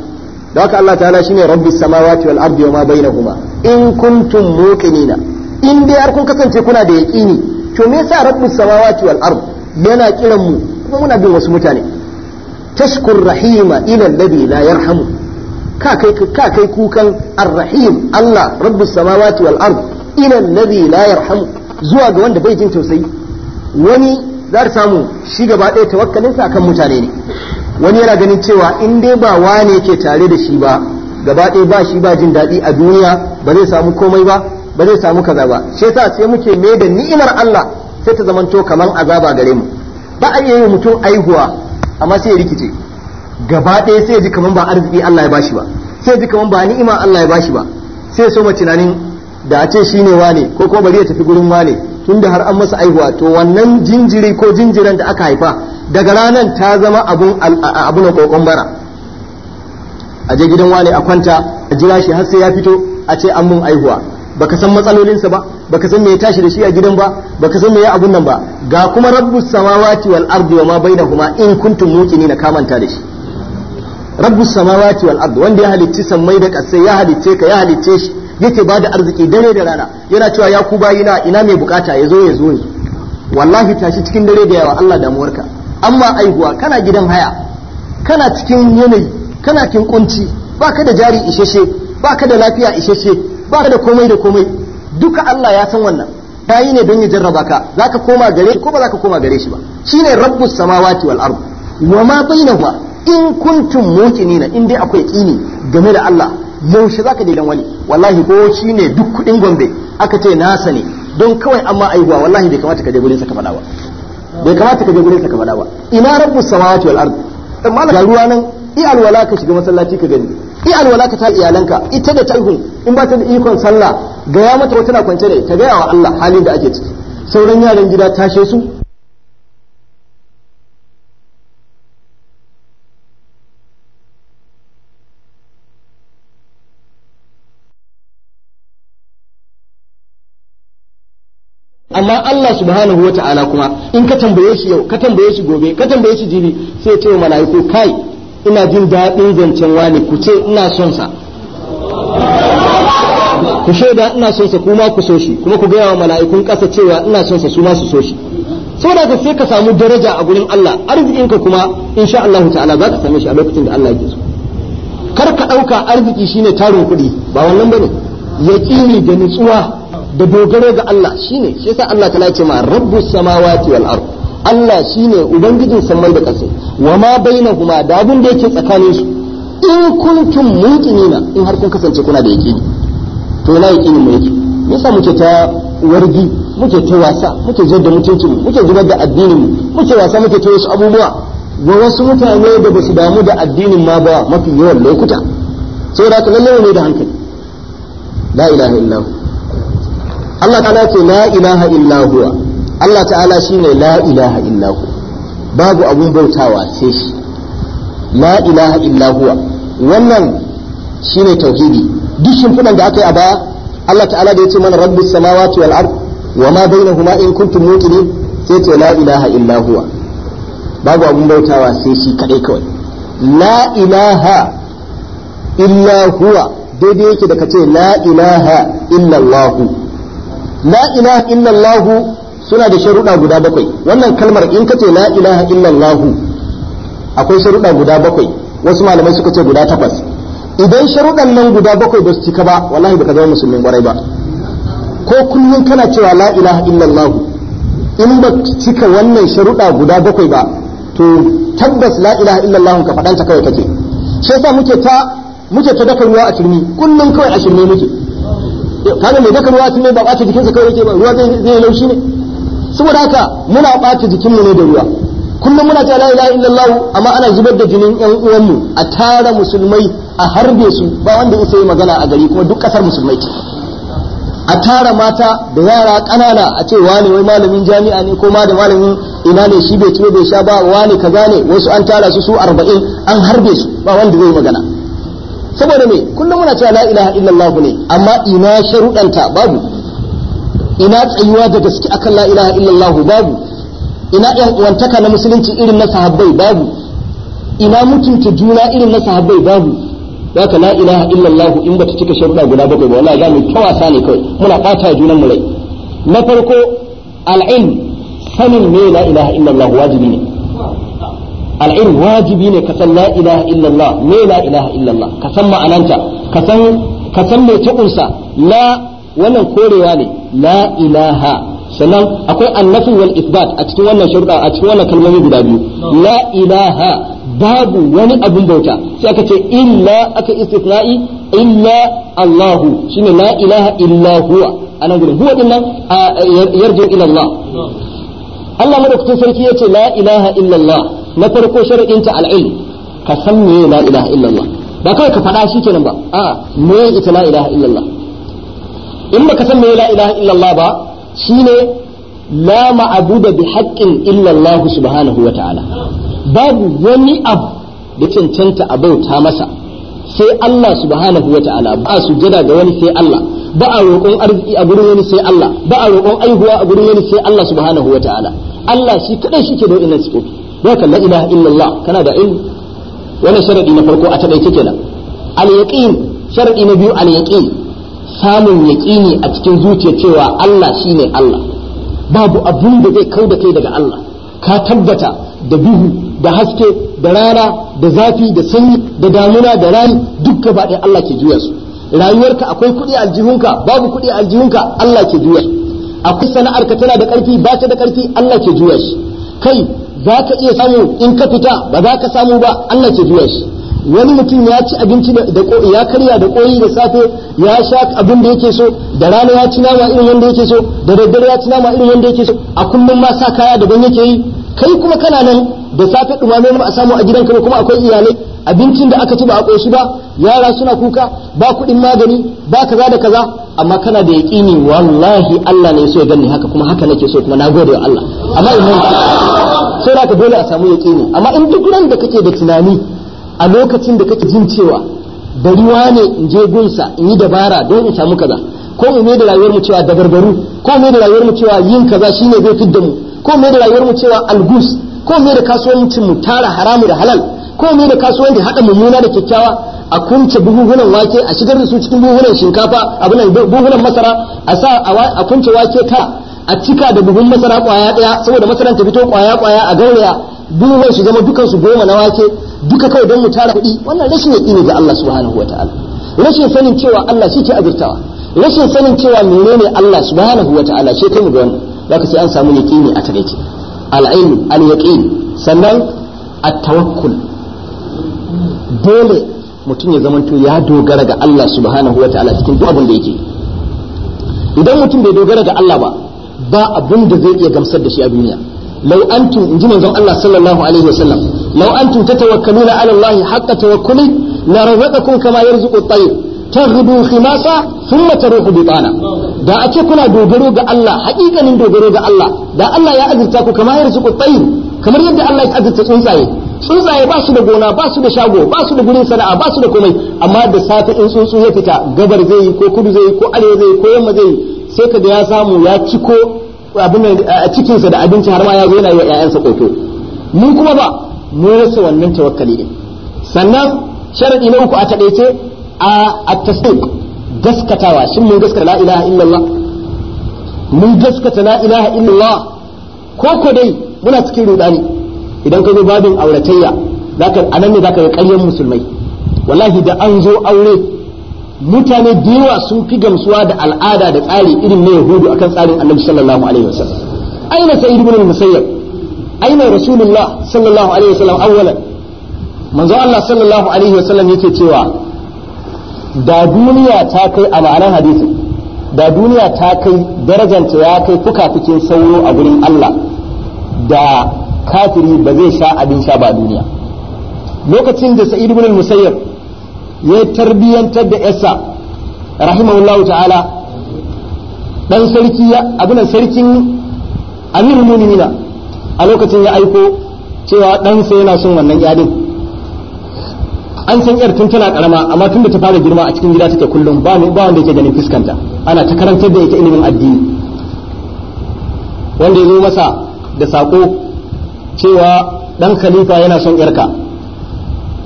da haka Allah ta'ala shine rabbis samawati wal ardi wa ma bainahuma in kuntum muqinina in dai har kun kasance kuna da yaqini to me yasa rabbis samawati wal ardi yana kiran mu kuma muna bin wasu mutane tashkur rahima ila alladhi la yarhamu ka kai ka kai kukan arrahim Allah rabbis samawati wal ardi ila alladhi la yarhamu zuwa ga wanda bai jin tausayi wani za samu shi gaba ɗaya tawakkalinsa akan mutane ne wani yana ganin cewa in dai ba wane yake tare da shi ba gaba ɗaya ba shi ba jin daɗi a duniya ba zai samu komai ba ba zai samu kaza ba shi yasa sai muke mai da ni'imar Allah sai ta zamanto kamar azaba gare mu ba a iya yin mutum aihuwa amma sai ya rikice gaba ɗaya sai ya ji kamar ba arziki Allah ya bashi ba sai ya ji kamar ba ni'ima Allah ya bashi ba sai ya so tunanin da a ce shine wane ko kuma bari ya tafi gurin wane tunda har an masa aihuwa to wannan jinjiri ko jinjiran da aka haifa daga ranar ta zama abun abun kokon bara a je gidan wani a kwanta a jira shi har sai ya fito a ce an mun aihuwa baka san matsalolinsa ba baka san me ya tashi da shi a gidan ba baka san me ya abun nan ba ga kuma rabbus samawati wal ardi wa ma bainahuma in kuntum na kamanta da shi rabbus samawati wal ardi wanda ya halicci sammai da kasai ya halicce ka ya halicce shi yake bada arziki dare da rana yana cewa ya ku bayina ina mai bukata ya zo ya zo wallahi tashi cikin dare da yawa Allah damuwarka amma aihuwa kana gidan haya kana cikin yanayi kana cikin kunci baka da jari isheshe baka da lafiya isheshe baka da komai da komai duka Allah ya san wannan ta yi ne don ya jarraba ka za ka koma gare shi ko ba za ka koma gare shi ba shi ne rabbus samawati wal ardu wa ma bainahuma in kuntum muqinina in dai akwai kini game da Allah yaushe zaka daidan wani wallahi ko shi ne duk kudin gombe aka ce nasa ne don kawai amma aihuwa wallahi bai kamata ka je gurin sa ka ba bai kamata ka je gurin sa ka faɗa ba ina rabbus samawati wal ard malaka ga ruwa nan i alwala ka shiga masallaci ka gani i alwala ka ta iyalanka ita da talhun in ba ta da ikon sallah ga ya mata wata na kwance ne ta ga wa Allah halin da ake ciki sauran yaran gida tashe su amma Allah subhanahu wa ta'ala kuma in ka tambaye shi yau ka tambaye shi gobe ka tambaye shi jibi sai ce mala'iku kai ina jin daɗin zancen wani ku ce ina son sa ku shaida ina son sa kuma ku so shi kuma ku gaya wa mala'ikun ƙasa cewa ina son sa su ma su so shi saboda sai ka samu daraja a gurin Allah arzikinka kuma insha Allah ta'ala za ka same shi a lokacin da Allah ya so kar ka ɗauka arziki shine tarin kuɗi ba wannan bane yaqini da nutsuwa da dogaro ga Allah shine shi yasa Allah ta ce ma rabbus samawati wal ard Allah shine ubangijin saman da kasai wa ma bainahuma da abin da yake tsakanin su in kuntum muqinina in har kun kasance kuna da yake to na yaqini mu yake yasa muke ta wargi muke ta wasa muke mutunci mu muke zubar da addinin muke wasa muke ta wasu abubuwa ga wasu mutane da basu damu da addinin ma ba mafi yawan lokuta da ka lallai ne da hankali la ilaha illallah Allah ta'ala ce la ilaha illa huwa Allah ta'ala shine la ilaha illa huwa babu abun bautawa sai shi la ilaha illa huwa wannan shine tauhidi duk shimfiɗan da aka yi a baya Allah ta'ala da ya ce mana rabbi samawati wal ard wa ma bainahuma in kuntum muqinin sai ce la ilaha illa huwa babu abun bautawa sai shi kadai kawai la ilaha illa huwa daidai yake da kace la ilaha illa allah la ilaha illallah suna da sharuda guda bakwai wannan kalmar in kace la ilaha illallah akwai sharuda guda bakwai wasu malamai suka ce guda takwas idan sharuɗan nan guda bakwai ba su cika ba wallahi baka zama musulmin ƙwarai ba ko kullum kana cewa la ilaha illallah in ba cika wannan sharuɗa guda bakwai ba to tabbas la ilaha illallah ka faɗanta kawai kake shi yasa muke ta muke ta daka ruwa a turmi kullum kawai a shirme muke kaga mai duka ruwa tun ne ba ɓata jikinsa kawai yake ba ruwa zai yi laushi ne saboda haka muna ɓata mu ne da ruwa kullum muna ta la ilaha illallah amma ana zubar da jinin yan uwanmu a tara musulmai a harbe su ba wanda isa yi magana a gari kuma duk kasar musulmai ce a tara mata da yara kanana a ce wane wai malamin jami'a ne ko ma da malamin ina ne shi bai ciwo bai sha ba wane kaza ne wasu an tara su su arba'in an harbe su ba wanda zai magana saboda me kullum muna cewa la ilaha illallah ne amma ina sharuɗanta babu ina tsayuwa da gaske akan la ilaha illallah babu ina yan uwantaka na musulunci irin na sahabbai babu ina mutunta juna irin na sahabbai babu haka la ilaha illallah in bata cika sharuɗa guda bakwai ba wallahi za mu tawasa ne kai muna ɓata junan mu rai na farko al'ilm sanin me la ilaha illallah wajibi ne al'ilm wajibi ne ka san la ilaha illallah me la ilaha illallah ka san ma'ananta ka san ka san me ta kunsa la wannan korewa ne la ilaha sannan akwai annafi wal isbat a cikin wannan shurda a cikin wannan kalmomi guda biyu la ilaha babu wani abin bauta sai aka ce illa aka istisna'i illa Allahu shine la ilaha illa huwa anan gurin huwa dinnan yarje ila Allah Allah madaukakin sarki yace la ilaha illallah na farko sharadin ta al'ilm ka san me la ilaha illallah ba kai ka faɗa shi kenan ba a me ita la ilaha illallah in ba ka san me la ilaha illallah ba shine la ma'budu bi haqqin illallah subhanahu wa ta'ala babu wani abu da cancanta a bauta masa sai Allah subhanahu wa ta'ala ba sujjada ga wani sai Allah ba a roƙon arziki a gurin wani sai Allah ba a roƙon aihuwa a gurin wani sai Allah subhanahu wa ta'ala Allah shi kadai shi ke da wannan sifofi za ka la ilaha illallah kana da ilmi wani sharadi na farko a taƙaice kenan al yaqin na biyu al yaqin samun yaqini a cikin zuciya cewa Allah shine Allah babu abun da zai da kai daga Allah ka tabbata da duhu da haske da rana da zafi da sanyi da damuna da rani duk gaba Allah ke juya su rayuwarka akwai kuɗi a aljihunka babu kuɗi a aljihunka Allah ke juya akwai sana'arka tana da ƙarfi ba ta da ƙarfi Allah ke juya shi kai za ka iya samu in ka fita ba za ka samu ba Allah ke biya shi wani mutum ya ci abinci da ya karya da koyi da safe ya sha abin da yake so da rana ya ci nama irin wanda yake so da daddare ya ci nama irin wanda yake so a kullum ma sa kaya daban yake yi kai kuma kana nan da safe dumame mu a samu a gidanka ne kuma akwai iyalai abincin da aka ci ba a koshi ba yara suna kuka ba kuɗin magani ba kaza da kaza amma kana da yaƙini wallahi Allah ne so ya ganni haka kuma haka nake so kuma na gode wa Allah amma in sai da ka dole a samu yaƙini amma in duk ran da kake da tunani a lokacin da kake jin cewa bari wane in je gunsa in yi dabara don in samu kaza ko mu ne da rayuwar mu cewa dabarbaru ko mu ne da rayuwar mu cewa yin kaza shine zai fidda mu ko mai da rayuwar mu cewa algus ko mai da kasuwancin mu tara haramu da halal ko mai da kasuwanci hada mummuna da kyakkyawa a kunce buhuhunan wake a shigar da su cikin buhunan shinkafa abin buhunan masara a sa a kunce wake ta a cika da buhun masara kwaya daya saboda masaran ta fito kwaya kwaya a gauraya buhunan su zama dukansu goma na wake duka kawai don mu tara kuɗi wannan rashin ne ga Allah subhanahu wa rashin sanin cewa Allah shi ke azurtawa rashin sanin cewa menene Allah subhanahu wa ta'ala shi kai mu ga wannan zaka sai an samu yaqini a take al-ilm al-yaqin sannan at-tawakkul dole mutum ya zamanto ya dogara ga Allah subhanahu wataala cikin duk abin da yake idan mutum bai dogara ga Allah ba ba abin da zai iya gamsar da shi a duniya law antum inji manzon Allah sallallahu alaihi wasallam law antum tatawakkaluna ala Allah haqqa tawakkuli la razaqakum kama yarzuqu at-tayr taghdu khimasa thumma taruhu bitana da a ce kuna dogaro ga Allah haƙiƙanin dogaro ga Allah da Allah ya azurta ku kamar yarsu ku tsayi kamar yadda Allah ya azurta tsuntsaye tsuntsaye ba su da gona ba su da shago ba su da gurin sana'a ba su da komai amma da safe in tsuntsu ya fita gabar zai yi ko kudu zai yi ko arewa zai yi ko yamma zai yi sai ka ga ya samu ya ciko abin a cikinsa da abinci har ma ya zo yana yi wa 'ya'yansa mu kuma ba mu rasa wannan tawakkali din sannan sharadi na uku a taƙaice a at-tasdiq gaskatawa shin mun gaskata la ilaha illallah mun gaskata la ilaha illallah ko ko dai muna cikin rudani idan ka zo babin auratayya zaka anan ne zaka ga ƙaryan musulmai wallahi da an zo aure mutane da yawa sun fi gamsuwa da al'ada da tsari irin na yahudu akan tsarin annabi sallallahu alaihi wasallam aina sa'id ibn al-musayyab aina rasulullah sallallahu alaihi wasallam awwalan manzo Allah sallallahu alaihi wasallam yake cewa da duniya ta kai a ma'anar hadisi da duniya ta kai darajanta ya kai fukafukin sauro a gurin Allah da kafiri ba zai sha abin sha ba duniya lokacin da sa'id ibn musayyab ya tarbiyyantar da yasa rahimahullahu ta'ala dan sarki abinan sarkin amir mu'minina a lokacin ya aiko cewa ɗansa yana son wannan yadin an san yar tun tana karama amma tun da ta fara girma a cikin gida take kullum ba ba wanda yake ganin fuskanta ana ta karantar da ita ilimin addini wanda ya masa da sako cewa dan khalifa yana son yarka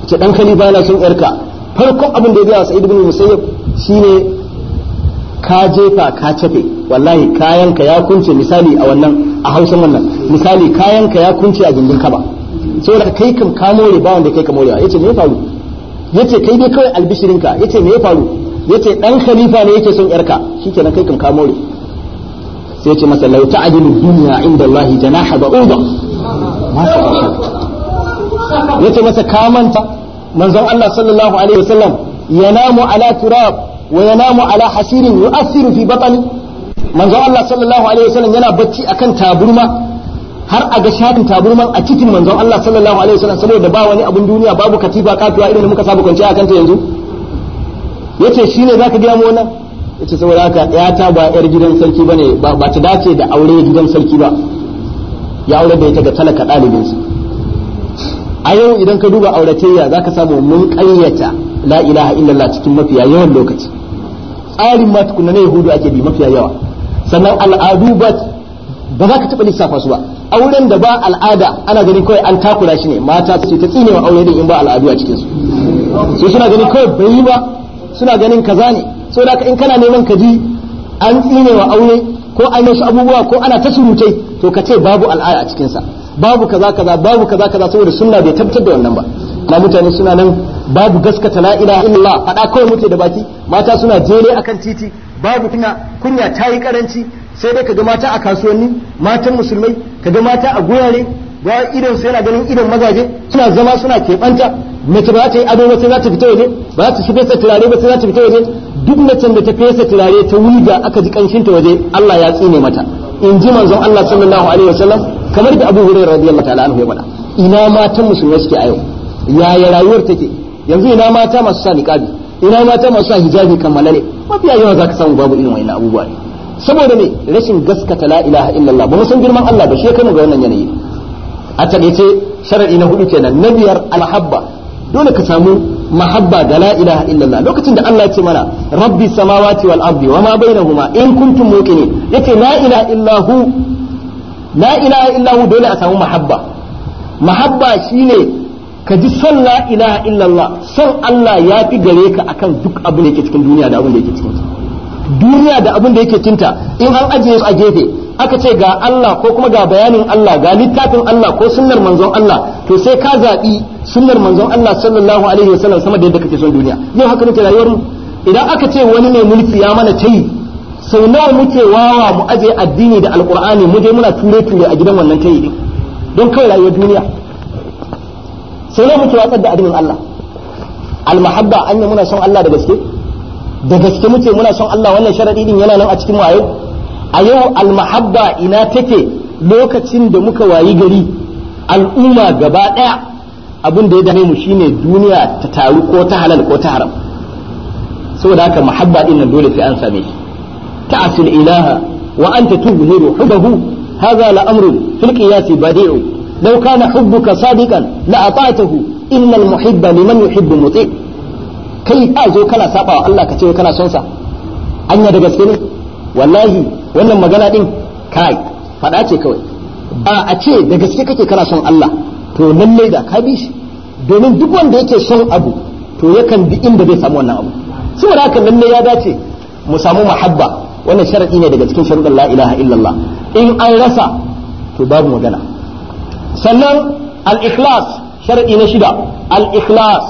ce dan khalifa yana son yarka farkon abin da ya gaya sa'id ibn musayyib shine ka jefa ka cafe wallahi kayanka ya kunce misali a wannan a hausan wannan misali kayanka ya kunce a gindin kaba saboda kai kam ka more ba wanda kai ka morewa yace me faru yace kai ne kawai albishirinka yace me ya faru yace dan khalifa ne yake son yarka shikenan kai kan kamo ne sai yace masa law ta'dilu dunya inda Allah janaha ba'uda yace masa ka manta manzon Allah sallallahu alaihi wasallam yanamu ala turab wa yanamu ala hasirin yu'athiru fi batni manzon Allah sallallahu alaihi wasallam yana bacci akan taburma har a ga shafin taburman a cikin manzon Allah sallallahu alaihi wasallam saboda ba wani abun duniya babu katifa katuwa irin da muka saba kwanciya akan ta yanzu yace shine zaka ga mu wannan yace saboda haka ya ba yar gidan sarki bane ba ta dace da aure gidan sarki ba ya aure da ita ga talaka su a yau idan ka duba auratayya zaka samu mun ƙayyata la ilaha illallah cikin mafiya yawan lokaci tsarin ma tukunna na yahudu ake bi mafiya yawa sannan al'adu ba ba za ka taɓa lissafa su ba auren da ba al'ada ana gani kawai an takura shi ne mata su ta tsinewa aure da in ba al'adu a cikin su suna gani kawai bai ba suna ganin kaza ne da ka in kana neman ka ji an tsinewa aure ko an wasu abubuwa ko ana ta surutai to ka ce babu al'ada a cikinsa. sa babu kaza kaza babu kaza kaza saboda sunna bai tabbatar da wannan ba na mutane suna nan babu gaskata la ilaha illallah fada kawai muke da baki mata suna jere akan titi babu kunya kunya ta yi karanci sai dai kaga mata a kasuwanni matan musulmai kaga mata a gurare ba idan su yana ganin idan mazaje suna zama suna keɓanta mace ba ta yi ado ba sai za ta fita waje ba za ta shiga turare ba sai za ta fita waje duk macen da ta fesa turare ta wulga aka ji kanshin ta waje Allah ya tsine mata in ji manzon Allah sallallahu alaihi wasallam kamar da Abu Hurairah radiyallahu ta'ala anhu ya faɗa ina matan musulmai suke a yau yaya rayuwar take yanzu ina mata masu sa niqabi ina mata masu sa hijabi kammala ne mafiya yawa zaka samu babu irin wannan abubuwa ne saboda me rashin gaskata la ilaha illallah ba san girman Allah ba shi ga wannan yanayi a takeice sharaɗi na hudu kenan na biyar alhabba dole ka samu mahabba ga la ilaha illallah lokacin da Allah ya ce mana rabbi samawati wal ardi ma bainahuma in kuntum muqinin yace la ilaha illahu la ilaha illahu dole a samu mahabba mahabba shine ka ji son la ilaha illallah son Allah ya fi gare ka akan duk abin da yake cikin duniya da abin da yake cikin duniya da abin da yake cinta in an ajiye su a gefe aka ce ga Allah ko kuma ga bayanin Allah ga littafin Allah ko sunnar manzon Allah to sai ka zaɓi sunnar manzon Allah sallallahu alaihi wasallam sama da yadda kake son duniya yau haka nake rayuwar idan aka ce wani mai mulki ya mana tayi sau nawa muke wawa mu ajiye addini da alkur'ani mu je muna ture ture a gidan wannan tayi din don kai rayuwar duniya sai ne muke watsar da addinin Allah almahabba an yi muna son Allah da gaske da gaske muke muna son Allah wannan sharadi din yana nan a cikin mu a yau a yau almahabba ina take lokacin da muka wayi gari al'umma gaba daya abin da ya dame mu shine duniya ta taru ko ta halal ko ta haram saboda haka mahabba din nan dole sai an same shi ta'asil ilaha wa anta tuzhiru hudahu hadha la fil qiyasi badi'u law kana hubbuka sadiqan la ata'tahu innal muhibba liman yuhibbu muti kai a zo kana sabawa Allah ka ce kana son sa anya da gaske ne wallahi wannan magana din kai fada ce kawai a a ce da gaske kake kana son Allah to lalle da ka domin duk wanda yake son abu to yakan bi in da zai samu wannan abu saboda haka lalle ya dace mu samu mahabba wannan sharadi ne daga cikin sharuɗin la ilaha illallah in an rasa to babu magana sannan al-ikhlas shar'i na shida al-ikhlas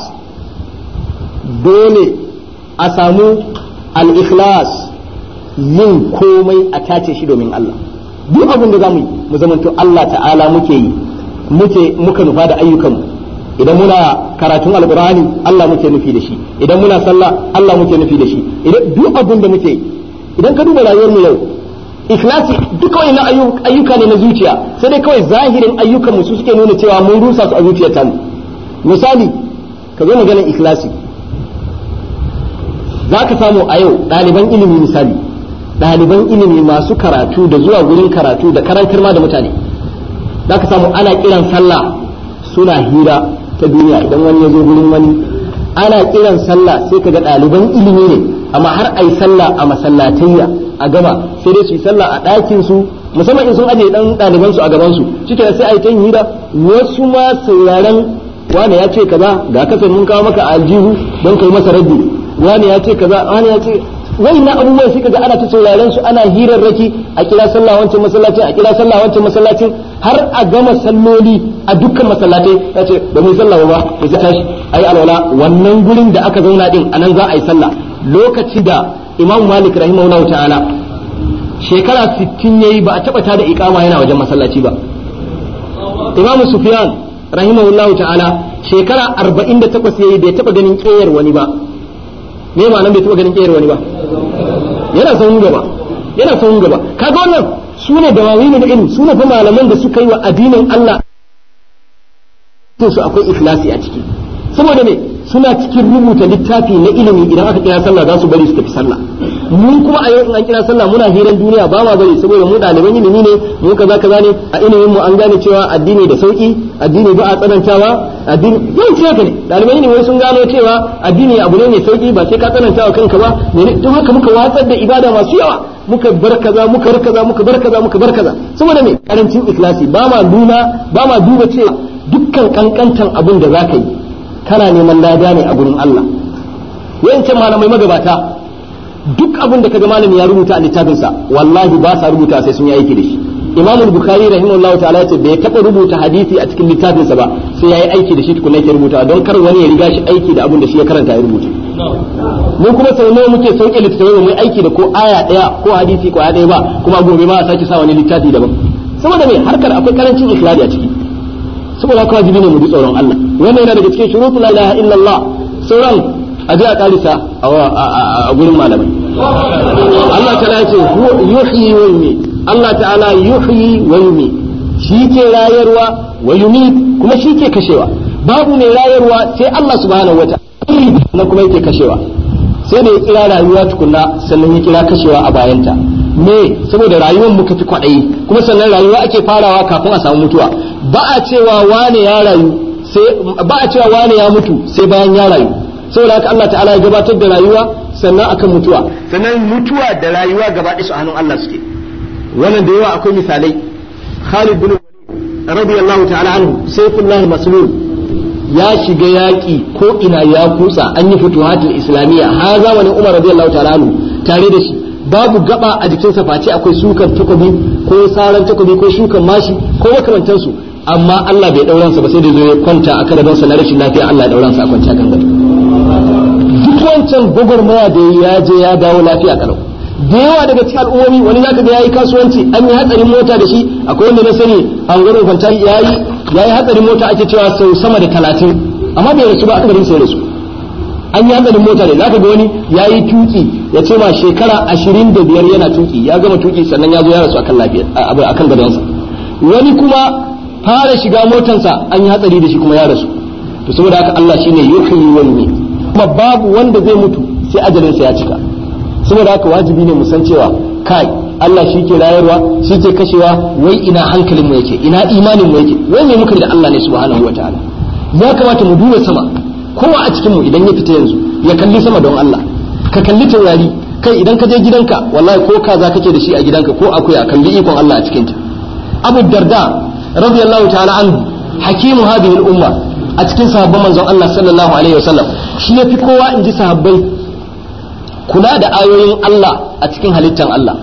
dole a samu al-ikhlas yin komai a tace shi domin Allah duk abin da mu yi mu zamanto Allah ta'ala muke yi muke muka nufa da ayyukanmu idan muna karatun alkur'ani Allah muke nufi da shi idan muna sallah Allah muke nufi da shi idan duk abin da muke idan ka duba rayuwar mu yau ikhlasi kawai wani ayyuka ne na zuciya sai dai kawai zahirin ayyukan mu su suke nuna cewa mun rusa su a zuciyar ta misali ka zo maganar ikhlasi za ka samu a yau ɗaliban ilimi misali ɗaliban ilimi masu karatu da zuwa gurin karatu da karantar ma da mutane za ka samu ana kiran sallah suna hira ta duniya idan wani ya zo gurin wani ana kiran sallah sai ka ga ɗaliban ilimi ne amma har a yi sallah a masallatayya a gaba sai dai su yi sallah a ɗakin su musamman in sun aje dan ɗaliban su a gaban su cike sai ai ta hira wasu ma sauraron wani ya ce kaza ga kasan mun kawo maka aljihu don kai masa rabbi wani ya ce kaza wani ya ce wai na abubuwan suka ga ana ta sauraron su ana hirarraki a kira sallah wancan masallacin a kira sallah wancan masallacin har a gama salloli a dukkan masallatai ya ce ba mu sallah ba ya su tashi ai alwala wannan gurin da aka zauna din anan za a yi sallah lokaci da imam malik rahimahullahu ta'ala shekara 60 yayi ba a taba ta da iqama yana wajen masallaci ba imam sufyan rahimahullahu ta'ala shekara 48 yayi bai taba ganin kiyar wani ba me ma nan bai taba ganin kiyar wani ba yana sauran gaba yana sauran gaba kaga wannan sune dawawi da ilmi sune fa malaman da suka yi wa addinin Allah to su akwai ikhlasi a ciki saboda me suna cikin rubuta littafi na ilimi idan aka kira sallah za su bari su tafi sallah mun kuma a yau in an kira sallah muna hiran duniya ba ma bari saboda mu ɗaliban ilimi ne mu kaza kaza ne a ilimin mu an gane cewa addini da sauki addini ba a tsanantawa addini yawanci ne ɗaliban ilimi sun gano cewa addini abu ne mai sauki ba sai ka tsanantawa kanka ba don haka muka watsar da ibada masu yawa muka bar kaza muka bar kaza muka bar kaza muka bar kaza saboda me karancin ikhlasi ba ma duna ba ma duba cewa dukkan kankantan abin da zaka yi kana neman lada ne a gurin Allah yancin malamai magabata duk abin da kaga malami ya rubuta a littafinsa wallahi ba sa rubuta sai sun yi aiki da shi imam bukhari rahimahullahu ta'ala ya ce bai taba rubuta hadisi a cikin littafinsa ba sai ya yi aiki da shi tukunna yake rubuta don kar wani ya riga shi aiki da abin da shi ya karanta ya rubuta mu kuma sau nawa muke sauke littattafai mu aiki da ko aya daya ko hadisi ko aya daya ba kuma gobe ma a sake sa wani littafi daban saboda me harkar akwai karancin ikhlali a ciki saboda haka wajibi ne mu ji tsoron Allah wannan yana daga cikin shurutu la ilaha illallah sauran a ji a karisa a gurin malamai Allah ta lace yuhyi wa yumi Allah ta'ala yuhyi wa yumi shi ke rayarwa wa yumi kuma shi ke kashewa babu mai rayarwa sai Allah subhanahu wata na kuma yake kashewa sai da ya kira rayuwa tukunna sannan ya kira kashewa a bayanta me saboda rayuwar muka fi kwaɗayi kuma sannan rayuwa ake farawa kafin a samu mutuwa ba a cewa wane ya mutu sai bayan ya rayu saboda haka Allah ta'ala ya gabatar da rayuwa sannan akan mutuwa sannan mutuwa da rayuwa gaba ɗaya a hannun Allah suke wannan da yawa akwai misalai Khalid bin radiyallahu ta'ala anhu sayfullah maslul ya shiga yaƙi ko ina ya kutsa an yi fituhatul islamiyya ha zamanin Umar radiyallahu ta'ala anhu tare da shi babu gaba a jikinsa face akwai sukan takobi ko saran takobi ko shukan mashi ko makarantarsu. amma Allah bai dauran sa ba sai da zo ya kwanta a karaban sa na rashin lafiya Allah ya dauran sa a kwanta kan gado duk wancan gwagwarmaya da ya je ya dawo lafiya kalau da yawa daga cikin al'ummomi wani zaka ga yayi kasuwanci an yi hatsarin mota da shi akwai wanda na sani an gwada kwanta yayi yayi hatsarin mota ake cewa sau sama da talatin amma bai rasu ba aka bari sai rasu an yi hatsarin mota da zaka ga wani yayi tuki ya ce ma shekara 25 yana tuki ya gama tuki sannan ya zo ya rasu akan lafiya akan gadonsa wani kuma fara shiga motansa an yi hatsari da shi kuma ya rasu to saboda haka Allah shine yuhyi wal yumiit kuma babu wanda zai mutu sai ajalinsa ya cika saboda haka wajibi ne mu san cewa kai Allah shi ke rayarwa shi ke kashewa wai ina hankalin mu yake ina imanin mu yake wai me muka da Allah ne subhanahu wataala ya kamata mu duba sama kowa a cikin mu idan ya fita yanzu ya kalli sama don Allah ka kalli taurari kai idan ka je gidanka wallahi ko kaza kake da shi a gidanka ko akwai a kalli ikon Allah a cikin ta Abu Darda radiyallahu ta'ala anhu hakimu hadhihi al-umma a cikin sahabban manzon Allah sallallahu alaihi wasallam shi yafi kowa in inji sahabbai kula da ayoyin Allah a cikin halittar Allah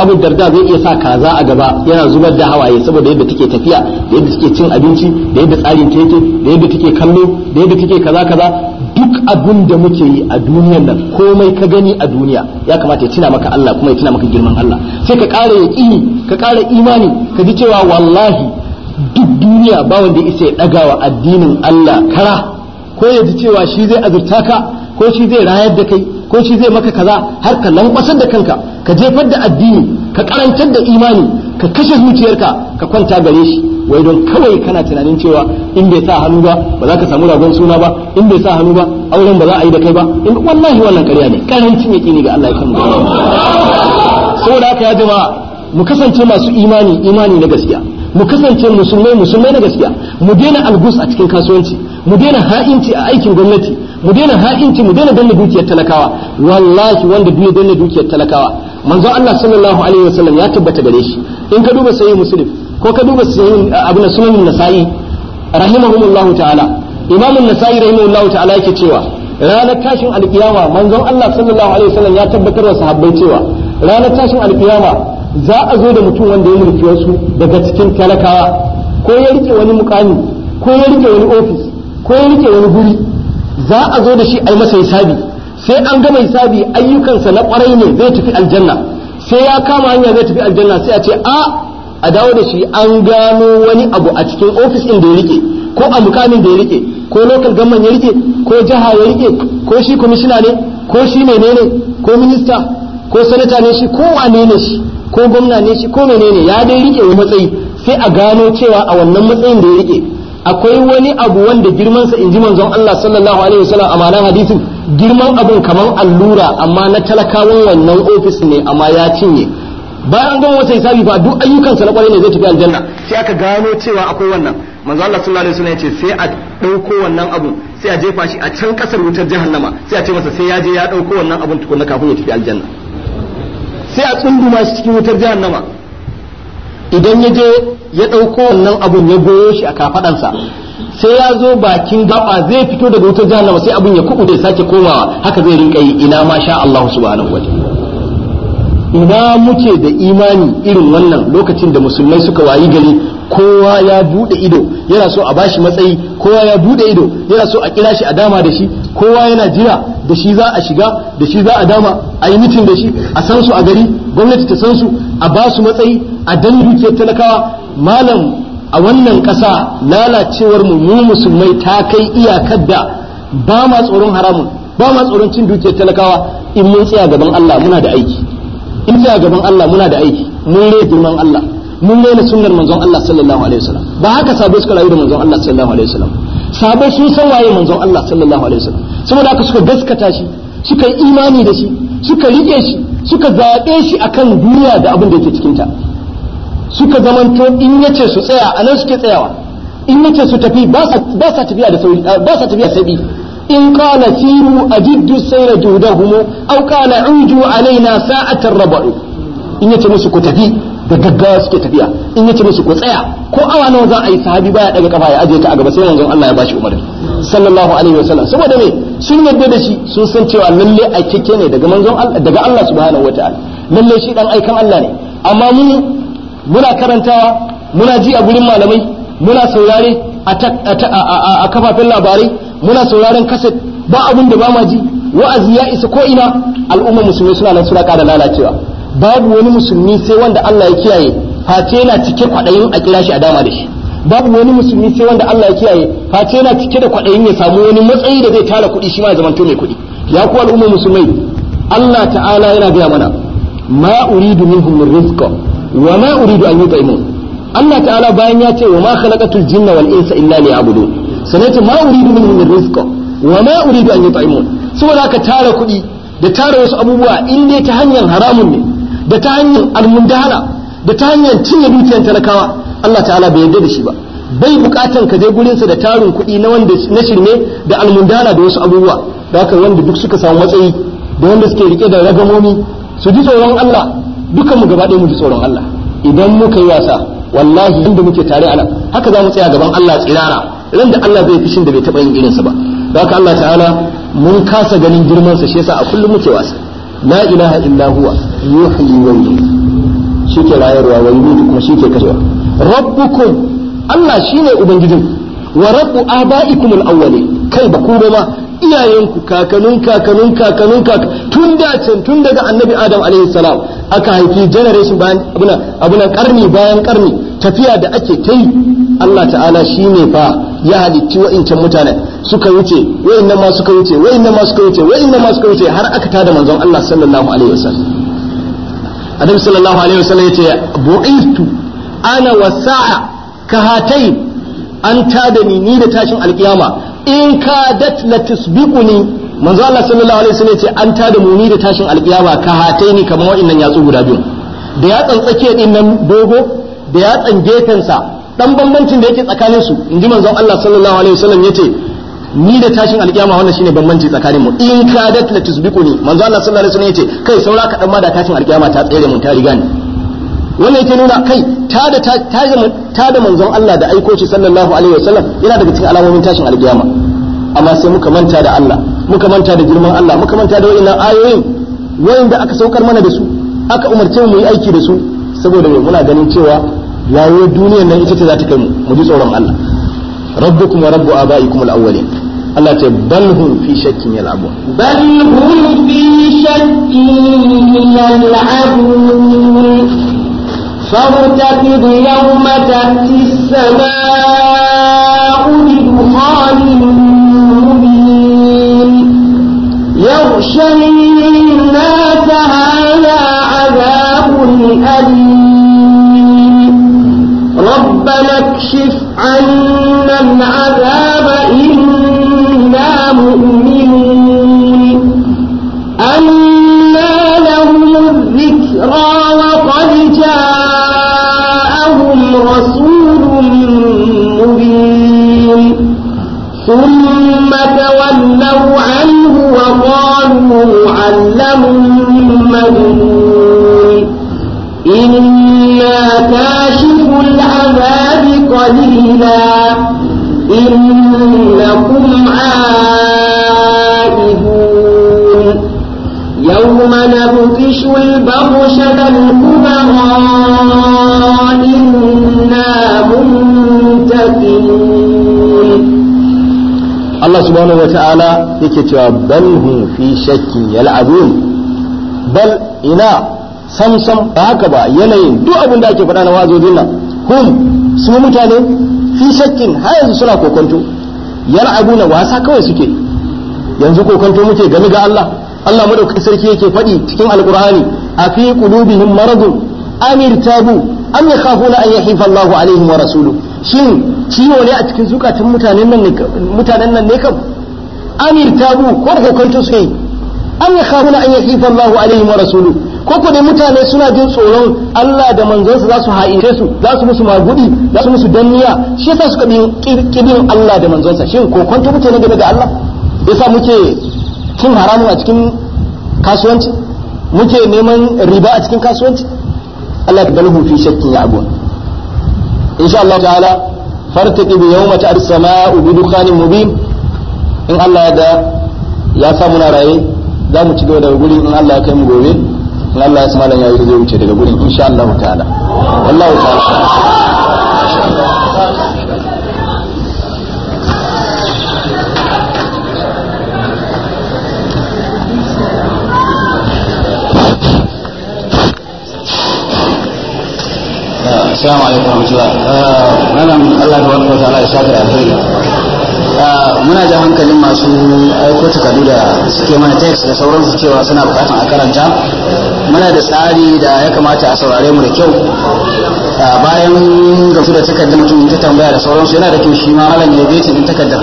abu darda zai iya sa kaza a gaba yana zubar da hawaye saboda yadda take tafiya da yadda take cin abinci da yadda tsarin ta da yadda take kallo da yadda take kaza kaza duk abin da muke yi a duniyar nan komai ka gani a duniya ya kamata ya tuna maka Allah kuma ya tuna maka girman Allah sai ka ƙara yaƙini ka ƙara imani ka ji cewa wallahi duk duniya ba wanda ya isa ya wa addinin Allah kara ko ya ji cewa shi zai azurta ka ko shi zai rayar da kai ko shi zai maka kaza har ka lankwasar da kanka ka jefar da addini ka karantar da imani ka kashe zuciyarka ka kwanta gare shi wai don kawai kana tunanin cewa in bai sa hannu ba ba za ka samu ragon suna ba in bai sa hannu ba auren ba za a yi da kai ba in wallahi wannan ƙarya ne karancin ne ga Allah ya kan saboda haka ya jama'a mu kasance masu imani imani na gaskiya mu kasance musulmai musulmai na gaskiya mu daina algus a cikin kasuwanci mu daina ha'inci a aikin gwamnati mu daina ha'inci mu daina danna dukiyar talakawa wallahi wanda biye danna dukiyar talakawa manzo Allah sallallahu alaihi wasallam ya tabbata gare shi in ka duba sahih muslim ko ka duba sahih abuna sunan nasa'i rahimahumullah ta'ala imam an-nasa'i rahimahullah ta'ala yake cewa ranar tashin alkiyama manzo Allah sallallahu alaihi wasallam ya tabbatar wa sahabbai cewa ranar tashin alkiyama za a zo da mutum wanda ya mulki wasu daga cikin talakawa ko ya rike wani mukami ko ya rike wani ofis ko ya rike wani guri za a zo da shi a yi masa hisabi sai an gama hisabi ayyukansa na kwarai ne zai tafi aljanna sai ya kama hanya zai tafi aljanna sai a ce a a dawo da shi an gano wani abu a cikin ofis ɗin da ya rike ko a mukamin da ya rike ko lokal gamman ya rike ko jiha ya rike ko shi kwamishina ne ko shi menene ko minista ko sanata ne shi ko wane ne shi ko gwamna ne shi ko menene ya dai rike wa matsayi sai a gano cewa a wannan matsayin da ya rike akwai wani abu wanda girmansa in ji manzon Allah sallallahu alaihi wasallam a ma'anar hadisin girman abun kamar allura amma na talakawan wannan ofis ne amma ya cinye bayan gwamna wata hisabi fa duk ayyukansa na kwarai ne zai tafi aljanna sai aka gano cewa akwai wannan manzo Allah sallallahu alaihi wasallam ya ce sai a dauko wannan abu sai a jefa shi a can kasar wutar jahannama sai a ce masa sai ya je ya dauko wannan abun tukunna kafin ya tafi aljanna sai a tsunduma shi cikin wutar jahannama idan ya je ya ɗauko wannan abun ya goyo shi a kafaɗansa sai ya zo bakin gaba zai fito daga wutar jahannama sai abun ya kuɓu da sake komawa haka zai rinka yi ina ma sha Allah subhanahu ina muke da imani irin wannan lokacin da musulmai suka wayi gari kowa ya bude ido yana so a bashi matsayi kowa ya bude ido yana so a kira shi a dama da shi kowa yana jira da shi za a shiga da shi za a dama a yi mitin da shi a san su a gari gwamnati ta san su a ba su matsayi a dan dukiyar talakawa malam a wannan ƙasa lalacewar mu mu musulmai ta kai iyakar da ba ma tsoron haramun ba ma tsoron cin dukiyar talakawa in mun tsaya gaban Allah muna da aiki in tsaya gaban Allah muna da aiki mun rai girman Allah mun daina sunnar manzon Allah sallallahu alaihi wasallam ba haka sabo suka rayu da manzon Allah sallallahu alaihi wasallam sabai sun san waye manzon Allah sallallahu alaihi wasallam saboda haka suka gaskata shi suka yi imani da shi suka rike shi suka zaɓe shi akan duniya da abin da yake cikin ta suka zamanto in yace su tsaya a nan suke tsayawa in yace su tafi ba sa tafiya da sauri ba sa tafiya sabi in qala siru ajiddu sayra judahum aw qala uju alaina sa'atan rabu in yace musu ku tafi da gaggawa suke tafiya in yace musu ku tsaya ko awa nawa za a yi sahabi baya daga kafa ya aje ta a gaba sai manzon Allah ya bashi umarni sallallahu alaihi wasallam saboda me sun yarda da shi sun san cewa lalle kike ne daga manzon Allah daga Allah subhanahu wataala lalle shi dan aikan Allah ne amma mu muna karantawa muna ji a gurin malamai muna saurare a kafafen labarai muna sauraren kaset ba abin da ba ma ji wa'azi ya isa ko ina al'ummar musulmi suna nan suna ƙara lalacewa babu wani musulmi sai wanda Allah ya kiyaye face yana cike kwaɗayin a kira shi a dama da shi babu wani musulmi sai wanda Allah ya kiyaye face yana cike da kwaɗayin ya samu wani matsayi da zai tara kuɗi shi ma ya zamanto mai kuɗi ya ku al'umma musulmai Allah ta'ala yana gaya mana ma uridu minhum min rizqa wa ma uridu an yutaimun Allah ta'ala bayan ya ce wa ma khalaqatul jinna wal insa illa liya'budun ce ma uridu minhum min rizqa wa ma uridu an yutaimun saboda ka tara kuɗi da tara wasu abubuwa in dai ta hanyar haramun ne da ta hanyar almundahala da ta hanyar cinye dukiyar talakawa Allah ta'ala bai yarda da shi ba bai bukatan ka je sa da tarin kuɗi na wanda na shirme da almundala da wasu abubuwa da haka wanda duk suka samu matsayi da wanda suke rike da ragamomi su ji tsoron Allah dukan mu gaba ɗaya mu ji tsoron Allah idan muka yi wasa wallahi inda muke tare a nan haka za mu tsaya gaban Allah tsirara ran da Allah zai fishin da bai taɓa yin irinsa ba da haka Allah ta'ala mun kasa ganin girmansa shi yasa a kullum muke wasa la ilaha illa huwa yuhyi wa shi ke rayarwa wa yumitu kuma shi ke kashewa rabbukum Allah shine ubangijin wa rabbu abaikum al-awwali kai ba ku ma iyayenku kakanun kakanun kakanun kaka tun da can tun daga annabi adam alaihi salam aka haifi generation bayan abuna abuna karni bayan karni tafiya da ake ta yi Allah ta'ala shine fa ya halitti wa'incan mutanen suka wuce wa'in ma suka wuce wa'in ma suka wuce ma suka wuce har aka tada manzon Allah sallallahu alaihi wasallam annabi sallallahu alaihi wa sallam wasallam yace bu'istu ana wasa'a kahatai an tada ni ni da tashin alkiyama in ka kadat la tusbiquni manzo Allah sallallahu alaihi wa sallam ya ce an tada mu ni da tashin alkiyama kahatai ni kamar wa'annan yatsu guda biyu da ya tsakiya din nan dogo da ya gefen sa dan bambancin da yake tsakanin su inji manzo Allah sallallahu alaihi wa sallam ya ce. ni da tashin alkiyama wannan shine bambanci tsakanin mu in kadat la tusbiquni manzo Allah sallallahu alaihi wasallam yace kai saura kaɗan ma da tashin alkiyama ta tsere mun ta riga ni wannan yake nuna kai ta da ta da manzon Allah da aiko shi sallallahu alaihi wasallam yana daga cikin alamomin tashin alkiyama amma sai muka manta da Allah muka manta da girman Allah muka manta da wa'annan ayoyin da aka saukar mana da su aka umarce mu yi aiki da su saboda mai muna ganin cewa rayuwar duniyar nan ita ce za ta kai mu mu ji tsoron Allah ربكم ورب rabbu abaikum الله تقول بل هم في شك يلعبون بل هم في شك يلعبون فارتقب يوم تأتي السماء بدخان مبين يغشى الناس هذا عذاب أليم ربنا اكشف عنا العذاب معلم مدين إنا كاشف العذاب قليلا إنكم عائدون يوم نبطش البغشة الكبرى Allah subhanahu wata'ala yake cewa bal hum fi shakkin yal'abun bal ina sam sam ba haka ba yanayin duk abin da ake faɗa na wazodin nan hum su mutane fi shakkin har yanzu suna kokonto yal'abuna wasa kawai suke yanzu kokonto muke game ga Allah Allah madaukakin sarki yake faɗi cikin alqur'ani a fi qulubihim maradun amir tabu am yakhafuna an yahifa Allahu alaihim wa rasuluhu shin ciwo ne a cikin zukatan mutanen nan ne mutanen an yi kam amir tabu ko kokonto su yi an ya na an yi yahifa Allahu alaihi wa rasulu ko ko mutane suna jin tsoron Allah da manzonsa za su ha'ince su za su musu magudi za su musu danniya shi yasa suka bin kibin Allah da manzonsa shin kokonto mutane game da Allah yasa muke cin haramun a cikin kasuwanci muke neman riba a cikin kasuwanci Allah ya dalhu fi shakkin ya abuwa insha Allah ta'ala bi yawma ta sama'u bi dukhanin mubin in Allah ya ya sa muna raye za mu ci gaba daga guri in Allah ya kai mu gobe in Allah ya sa malam ya yi zai wuce daga gurin insha Allah ta'ala wallahi ta'ala Assalamu alaikum warahmatullah. Uh, malam Allah ta Allah ya uh, Muna da hankalin masu aiko takardu da suke mana tex da sauransu cewa suna bukatan a karanta. Muna da tsari da ya kamata a saurare mu da kyau. Uh, bayan gasu da takardar mutum ta tambaya da sauransu yana da kyau shi ma malam ya bece din takardar.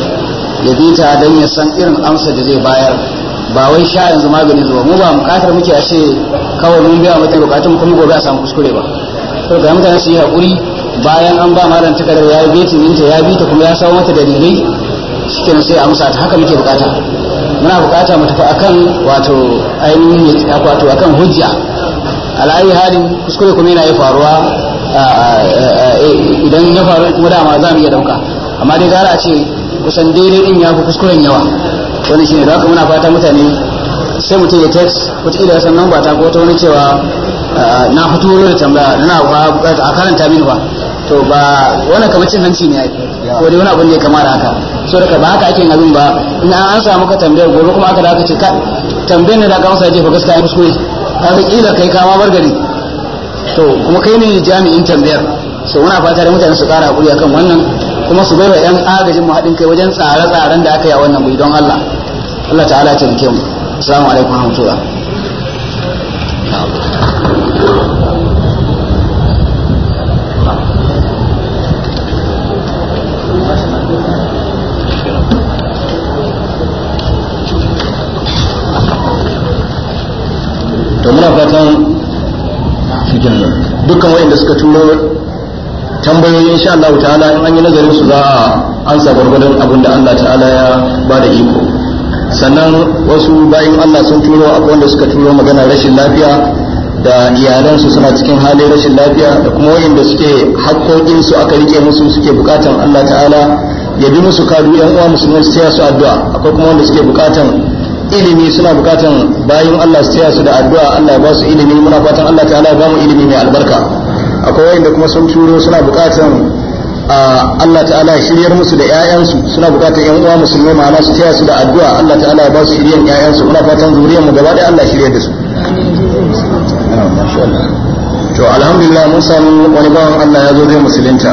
Ya bi don ya san irin amsa da zai bayar. Ba wai sha yanzu maganin zuwa mu ba bukatar muke a ce kawai mun biya mutum bukatun kuma gobe a samu kuskure ba. sau ga mutane su yi haƙuri bayan an ba malam takardar ya yi betin ya bi ta kuma ya samu mata dalilai cikin sai amsa ta haka muke bukata muna bukata mu tafi akan wato ainihin ya wato akan hujja al'ayi halin kuskure kuma yana ya faruwa idan ya faru kuma dama za mu iya dauka amma dai gara a ce kusan daidai din ya fi kuskuren yawa wani shine da haka muna fata mutane sai mutum ya text wata ila san nan ba ta ko ta wani cewa Eh, na fito da tambaya ina ba bukata a karanta mini ba to ba wani kamar cin hanci ne ai ko dai wani abu ne kamar haka so daga ba haka ake yin abin ba in an samu ka tambayar gobe kuma aka da aka ce ka tambayar ne da aka masa jefa gaskiya ya ka kaga kila kai kama bar gari to kuma kai ne jami'in tambayar so muna fata da mutane su kara hakuri akan wannan kuma su baiwa yan agajin mu haɗin kai wajen tsare-tsaren da aka yi a wannan mu don Allah Allah ta'ala ya taimake mu assalamu alaikum warahmatullahi muna fatan dukkan wayanda suka turo tambayoyi insha Allah ta'ala in an yi nazarin su za a ansa gwargwadon abin da Allah ta'ala ya ba da iko sannan wasu bayan Allah sun turo akwai wanda suka turo magana rashin lafiya da iyalansu suna cikin halin rashin lafiya da kuma wayanda suke su aka rike musu suke bukatan Allah ta'ala ya bi musu kadu yan uwa musulmai su taya su addu'a akwai kuma wanda suke bukatan ilimi suna bukatan bayan Allah su tsaya su da addu'a Allah ya ba su ilimi muna fatan Allah ta'ala ya ba mu ilimi mai albarka akwai wanda kuma sun turo suna bukatan Allah ta'ala ya shiryar musu da ƴaƴansu suna bukatan ƴan uwa musulmai ma'ana su tsaya su da addu'a Allah ta'ala ya ba su shiryar ƴaƴansu muna fatan zuriyar mu gaba ɗaya Allah shiryar da su to alhamdulillah mun samu wani bawan Allah ya zo zai musulunta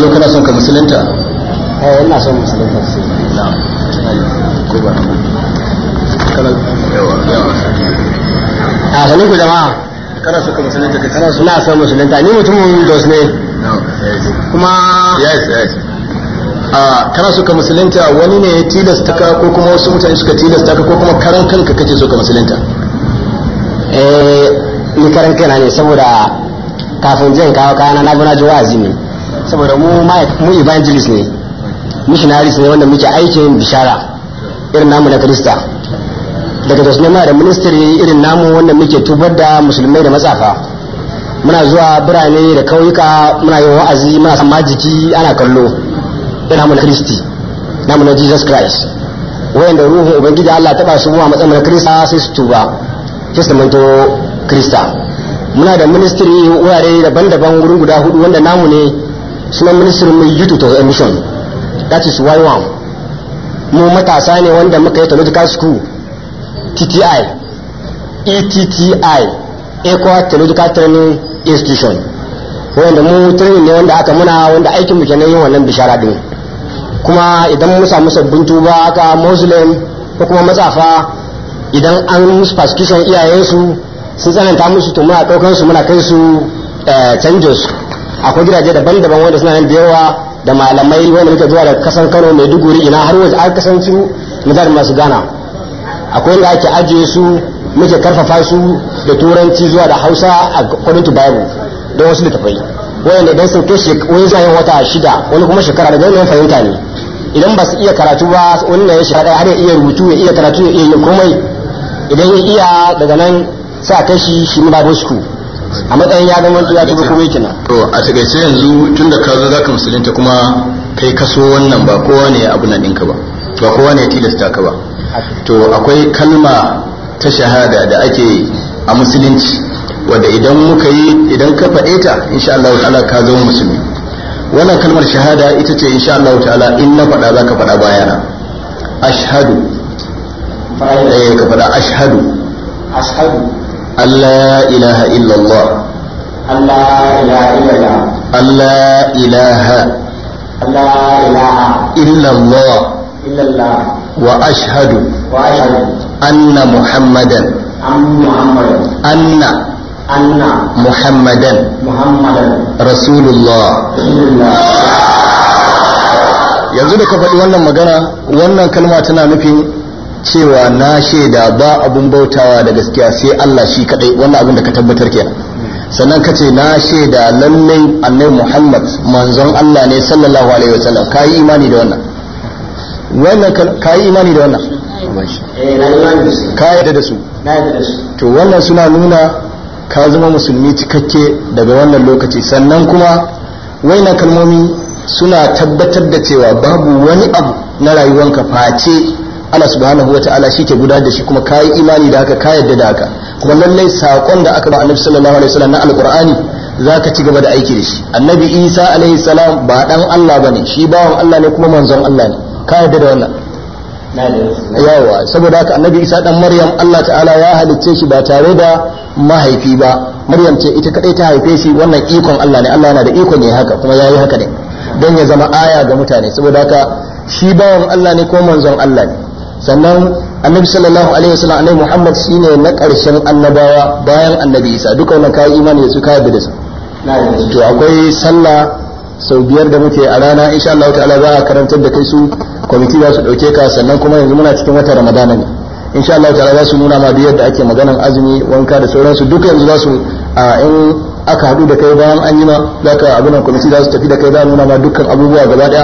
zo kana son ka musulunta eh ina son musulunta sai na'am ko ba kana yawa a ku jama'a kana son ka musulunta kana suna son musulunta ni mutumin dos ne kuma yes yes a kana son ka musulunta wani ne ya tilasta ka ko kuma wasu mutane suka tilasta ka ko kuma karan kanka kace son ka musulunta eh ni karan kaina ne saboda kafin zan kawo kayana na gona ji wa'azi ne saboda mu mu evangelist ne missionaries ne wanda muke aikin bishara irin namu na krista daga da suna da ministry irin namu wanda muke tubar da musulmai da matsafa muna zuwa birane da kauyuka muna yin wa'azi muna san majiki ana kallo irin namu na kristi namu na jesus christ wayanda ruhun ubangiji allah taba su a matsayin na krista sai su tuba sai su manto krista muna da ministry wurare daban-daban wurin guda hudu wanda namu ne sunan ministry mai youth to emission that is why one mu matasa ne wanda muka yi technological school tti etti eco technological training institution wanda mu training ne wanda aka muna wanda aikin mu kenan yin wannan bishara din kuma idan mun samu sabbin tuba aka muslim ko kuma matsafa idan an musu persecution iyayensu sun tsananta musu to muna ɗaukar su muna kai su eh, canjin akwai gidaje daban-daban wanda suna nan da yawa da malamai wanda muke zuwa da kasan Kano mai duguri ina har waje an kasan su nazar masu gana akwai wanda ake ajiye su muke karfafa su da turanci zuwa da Hausa a according to Bible wasu da tafai wanda dan sun kai wani wata shida wani kuma shekara da wannan fahimta ne idan ba su iya karatu ba wani na ya shekara har ya iya rubutu ya iya karatu ya iya komai idan ya iya daga nan sa kashi shi ma Bible school a matsayin ya zama ya tuba kuma yake na. to a takaice yanzu tunda ka zo zaka musulunta kuma kai kaso wannan ba kowa ne abu nan ɗinka ba ba kowa ne ya tilasta ka ba to akwai kalma ta shahada da ake a musulunci wadda idan muka yi idan ka faɗe ta insha Allah ta'ala ka zama musulmi wannan kalmar shahada ita ce insha Allah ta'ala in na faɗa zaka faɗa bayana ashhadu eh ka faɗa ashhadu ashhadu Allah ya ilaha Allah ilaha illallah. Allah ilaha. Allah ilaha. Illallah. Illallah. Wa ashadu. Wa ashadu. Anna Muhammadan. Anna. Anna. Muhammadan. Muhammadan. Rasulullah. Rasulullah. Yanzu da ka faɗi wannan magana wannan kalma tana nufin cewa na shaida ba abun bautawa da gaskiya sai Allah shi kadai wannan abin da ka tabbatar kenan sannan ka ce na shaida lallai annabi Muhammad manzon Allah ne sallallahu alaihi wasallam ka yi imani da wannan wannan ka yi imani da wannan ka yarda da su to wannan suna nuna ka zama musulmi cikakke daga wannan lokaci sannan kuma waina kalmomi suna tabbatar da cewa babu wani abu na rayuwanka face Allah subhanahu wa ta'ala shi ke gudanar da shi kuma ka yi imani da haka ka yadda da haka kuma lallai saƙon da aka ba annabi sallallahu alaihi wasallam na alqur'ani za ka ci gaba da aiki da shi annabi isa alaihi salam ba dan Allah bane shi bawan Allah ne kuma manzon Allah ne ka yadda da wannan yawa saboda haka annabi isa dan maryam Allah ta'ala ya halicce shi ba tare da mahaifi ba maryam ce ita kadai ta haife shi wannan ikon Allah ne Allah yana da ikon ya haka kuma yayi haka ne don ya zama aya ga mutane saboda haka shi bawan Allah ne ko manzon Allah ne sannan annabi sallallahu alaihi wasallam annabi muhammad shine na karshen annabawa bayan annabi isa duka wannan kai imani da su kai bidis to akwai sallah sau biyar da muke a rana insha Allah ta'ala za a karantar da kai su kwamiti za su dauke ka sannan kuma yanzu muna cikin wata ramadana ne insha Allah ta'ala za su nuna ma biyar da ake maganan azumi wanka da sauransu duka yanzu za su a in aka haɗu da kai bayan an yi ma za ka abin kwamiti za su tafi da kai za nuna ma dukkan abubuwa gaba daya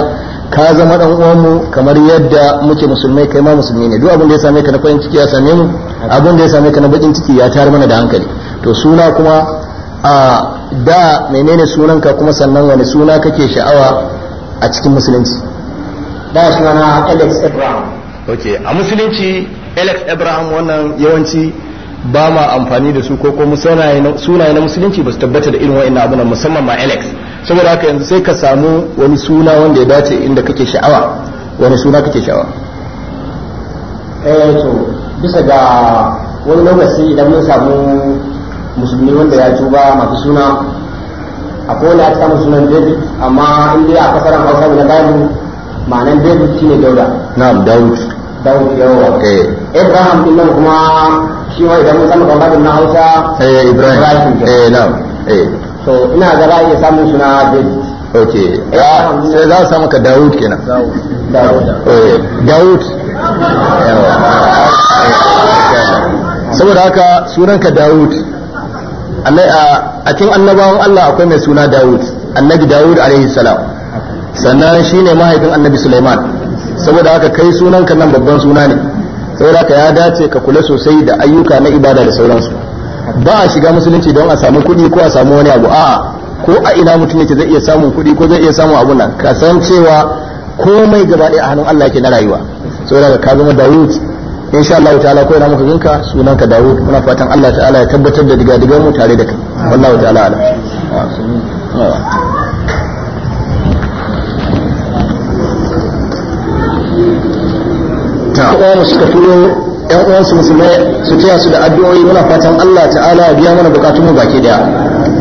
ka zama dan uwanmu kamar yadda muke musulmai kai ma musulmi ne duk abin da ya same ka na farin ciki ya same mu abin da ya same ka na bakin ciki ya tare mana da hankali to suna kuma a da menene sunanka kuma sannan wani suna kake sha'awa a cikin musulunci da suna Alex Abraham okay a musulunci Alex Abraham wannan yawanci ba ma amfani da su ko kuma sunaye na musulunci ba su tabbata da irin wa'annan abunan musamman ma alex saboda haka yanzu sai ka samu wani suna wanda ya dace inda kake sha'awa wani suna kake sha'awa eh to bisa ga wani lokaci idan mun samu musulmi wanda ya tuba masu suna akwai wanda ya samu sunan david amma in dai a kasaran hausa na gani ma'anan david shine dauda na'am daud daud yawa eh abraham din nan kuma shi ma idan mun zama kamar na Hausa eh Ibrahim eh na'am eh to ina ga za iya samun suna David okay eh, sai za samu ka Da'ud kenan Dawud Dawud eh, saboda haka sunanka da'ud a cikin annabawan Allah akwai mai suna da'ud annabi Dawud alaihi salam sannan shine mahaifin annabi Sulaiman saboda haka kai sunanka nan babban suna ne saboda ka ya dace ka kula sosai da ayyuka na ibada da sauransu ba a shiga musulunci don a samu kuɗi ko a samu wani abu a ko a ina mutum yake zai iya samun kuɗi ko zai iya samun abu nan ka san cewa komai gaba ɗaya a hannun Allah yake na rayuwa saboda ka zama Dawud insha Allah ta'ala ko ina muka ginka sunan ka Dawud muna fatan Allah ta'ala ya tabbatar da digadigan mu tare da kai wallahi ta'ala uwanmu suka turo ɗan uwansu musulmai su taya su da addu'o'i muna fatan Allah ta'ala ya biya mana bukatunmu baki daya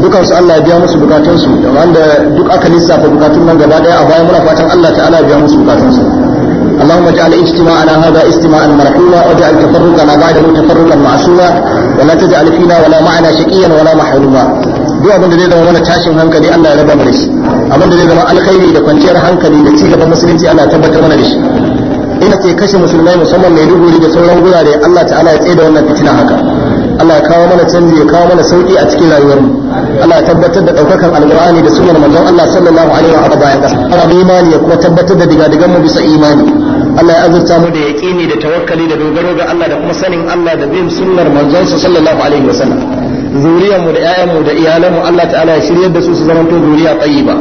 dukansu Allah ya biya musu bukatunsu wanda duk aka lissafa bukatun nan gaba daya a baya muna fatan Allah ta'ala ya biya musu bukatunsu اللهم اجعل اجتماعنا هذا اجتماعا مرحوما واجعل تفرقنا بعده تفرقا معصوما ولا تجعل فينا ولا معنا شقيا ولا محروما duk abin da zai zama mana tashin hankali Allah ya raba mana shi abin da zai zama alkhairi da kwanciyar hankali da ci gaban musulunci mana da shi ina ke kashe musulmai musamman mai duguri da sauran gurare Allah ta'ala ya tsaye da wannan fitina haka Allah ya kawo mana canji ya kawo mana sauki a cikin rayuwarmu Allah ya tabbatar da daukakar alqur'ani da sunnar manzon Allah sallallahu alaihi wa alihi wa sallam imani ya kuma tabbatar da digadigan mu bisa imani Allah ya azurta mu da yaqini da tawakkali da dogaro ga Allah da kuma sanin Allah da bin sunnar manzon sa sallallahu alaihi wa sallam mu da 'ya'yanmu da iyalanmu Allah ta'ala ya shiryar da su su zama to zuriya tayyiba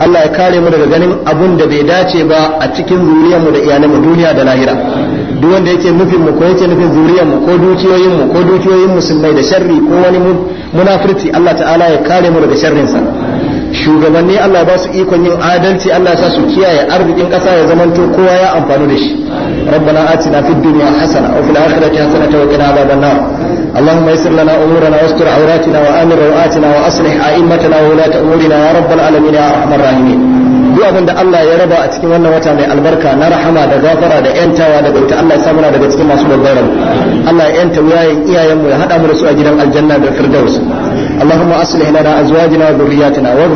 Allah ya kare mu daga ganin abun da bai dace ba a cikin zuriyar mu da iyalan mu duniya da lahira duk wanda yake nufin mu ko yake nufin zuriyar mu ko dukiyoyin mu ko dukiyoyin musulmai da sharri ko wani munafurci Allah ta'ala ya kare mu daga sharrin sa shugabanni Allah ba su ikon yin adalci Allah ya sa su kiyaye arzikin kasa ya zamanto kowa ya amfani da shi ربنا آتنا في الدنيا حسنة وفي الآخرة حسنة وقنا عذاب النار اللهم يسر لنا أمورنا واستر عوراتنا وآمن روآتنا وأصلح أئمتنا وولاة أمورنا يا رب العالمين يا أرحم الراحمين duk abin da Allah ya raba a cikin wannan wata mai albarka na rahama da gafara da yantawa daga ita Allah ya samu na daga cikin masu babbar Allah ya yanta iyayen iyayen mu ya hada mu da su a gidan aljanna da firdaus Allahumma aslih lana azwajina wa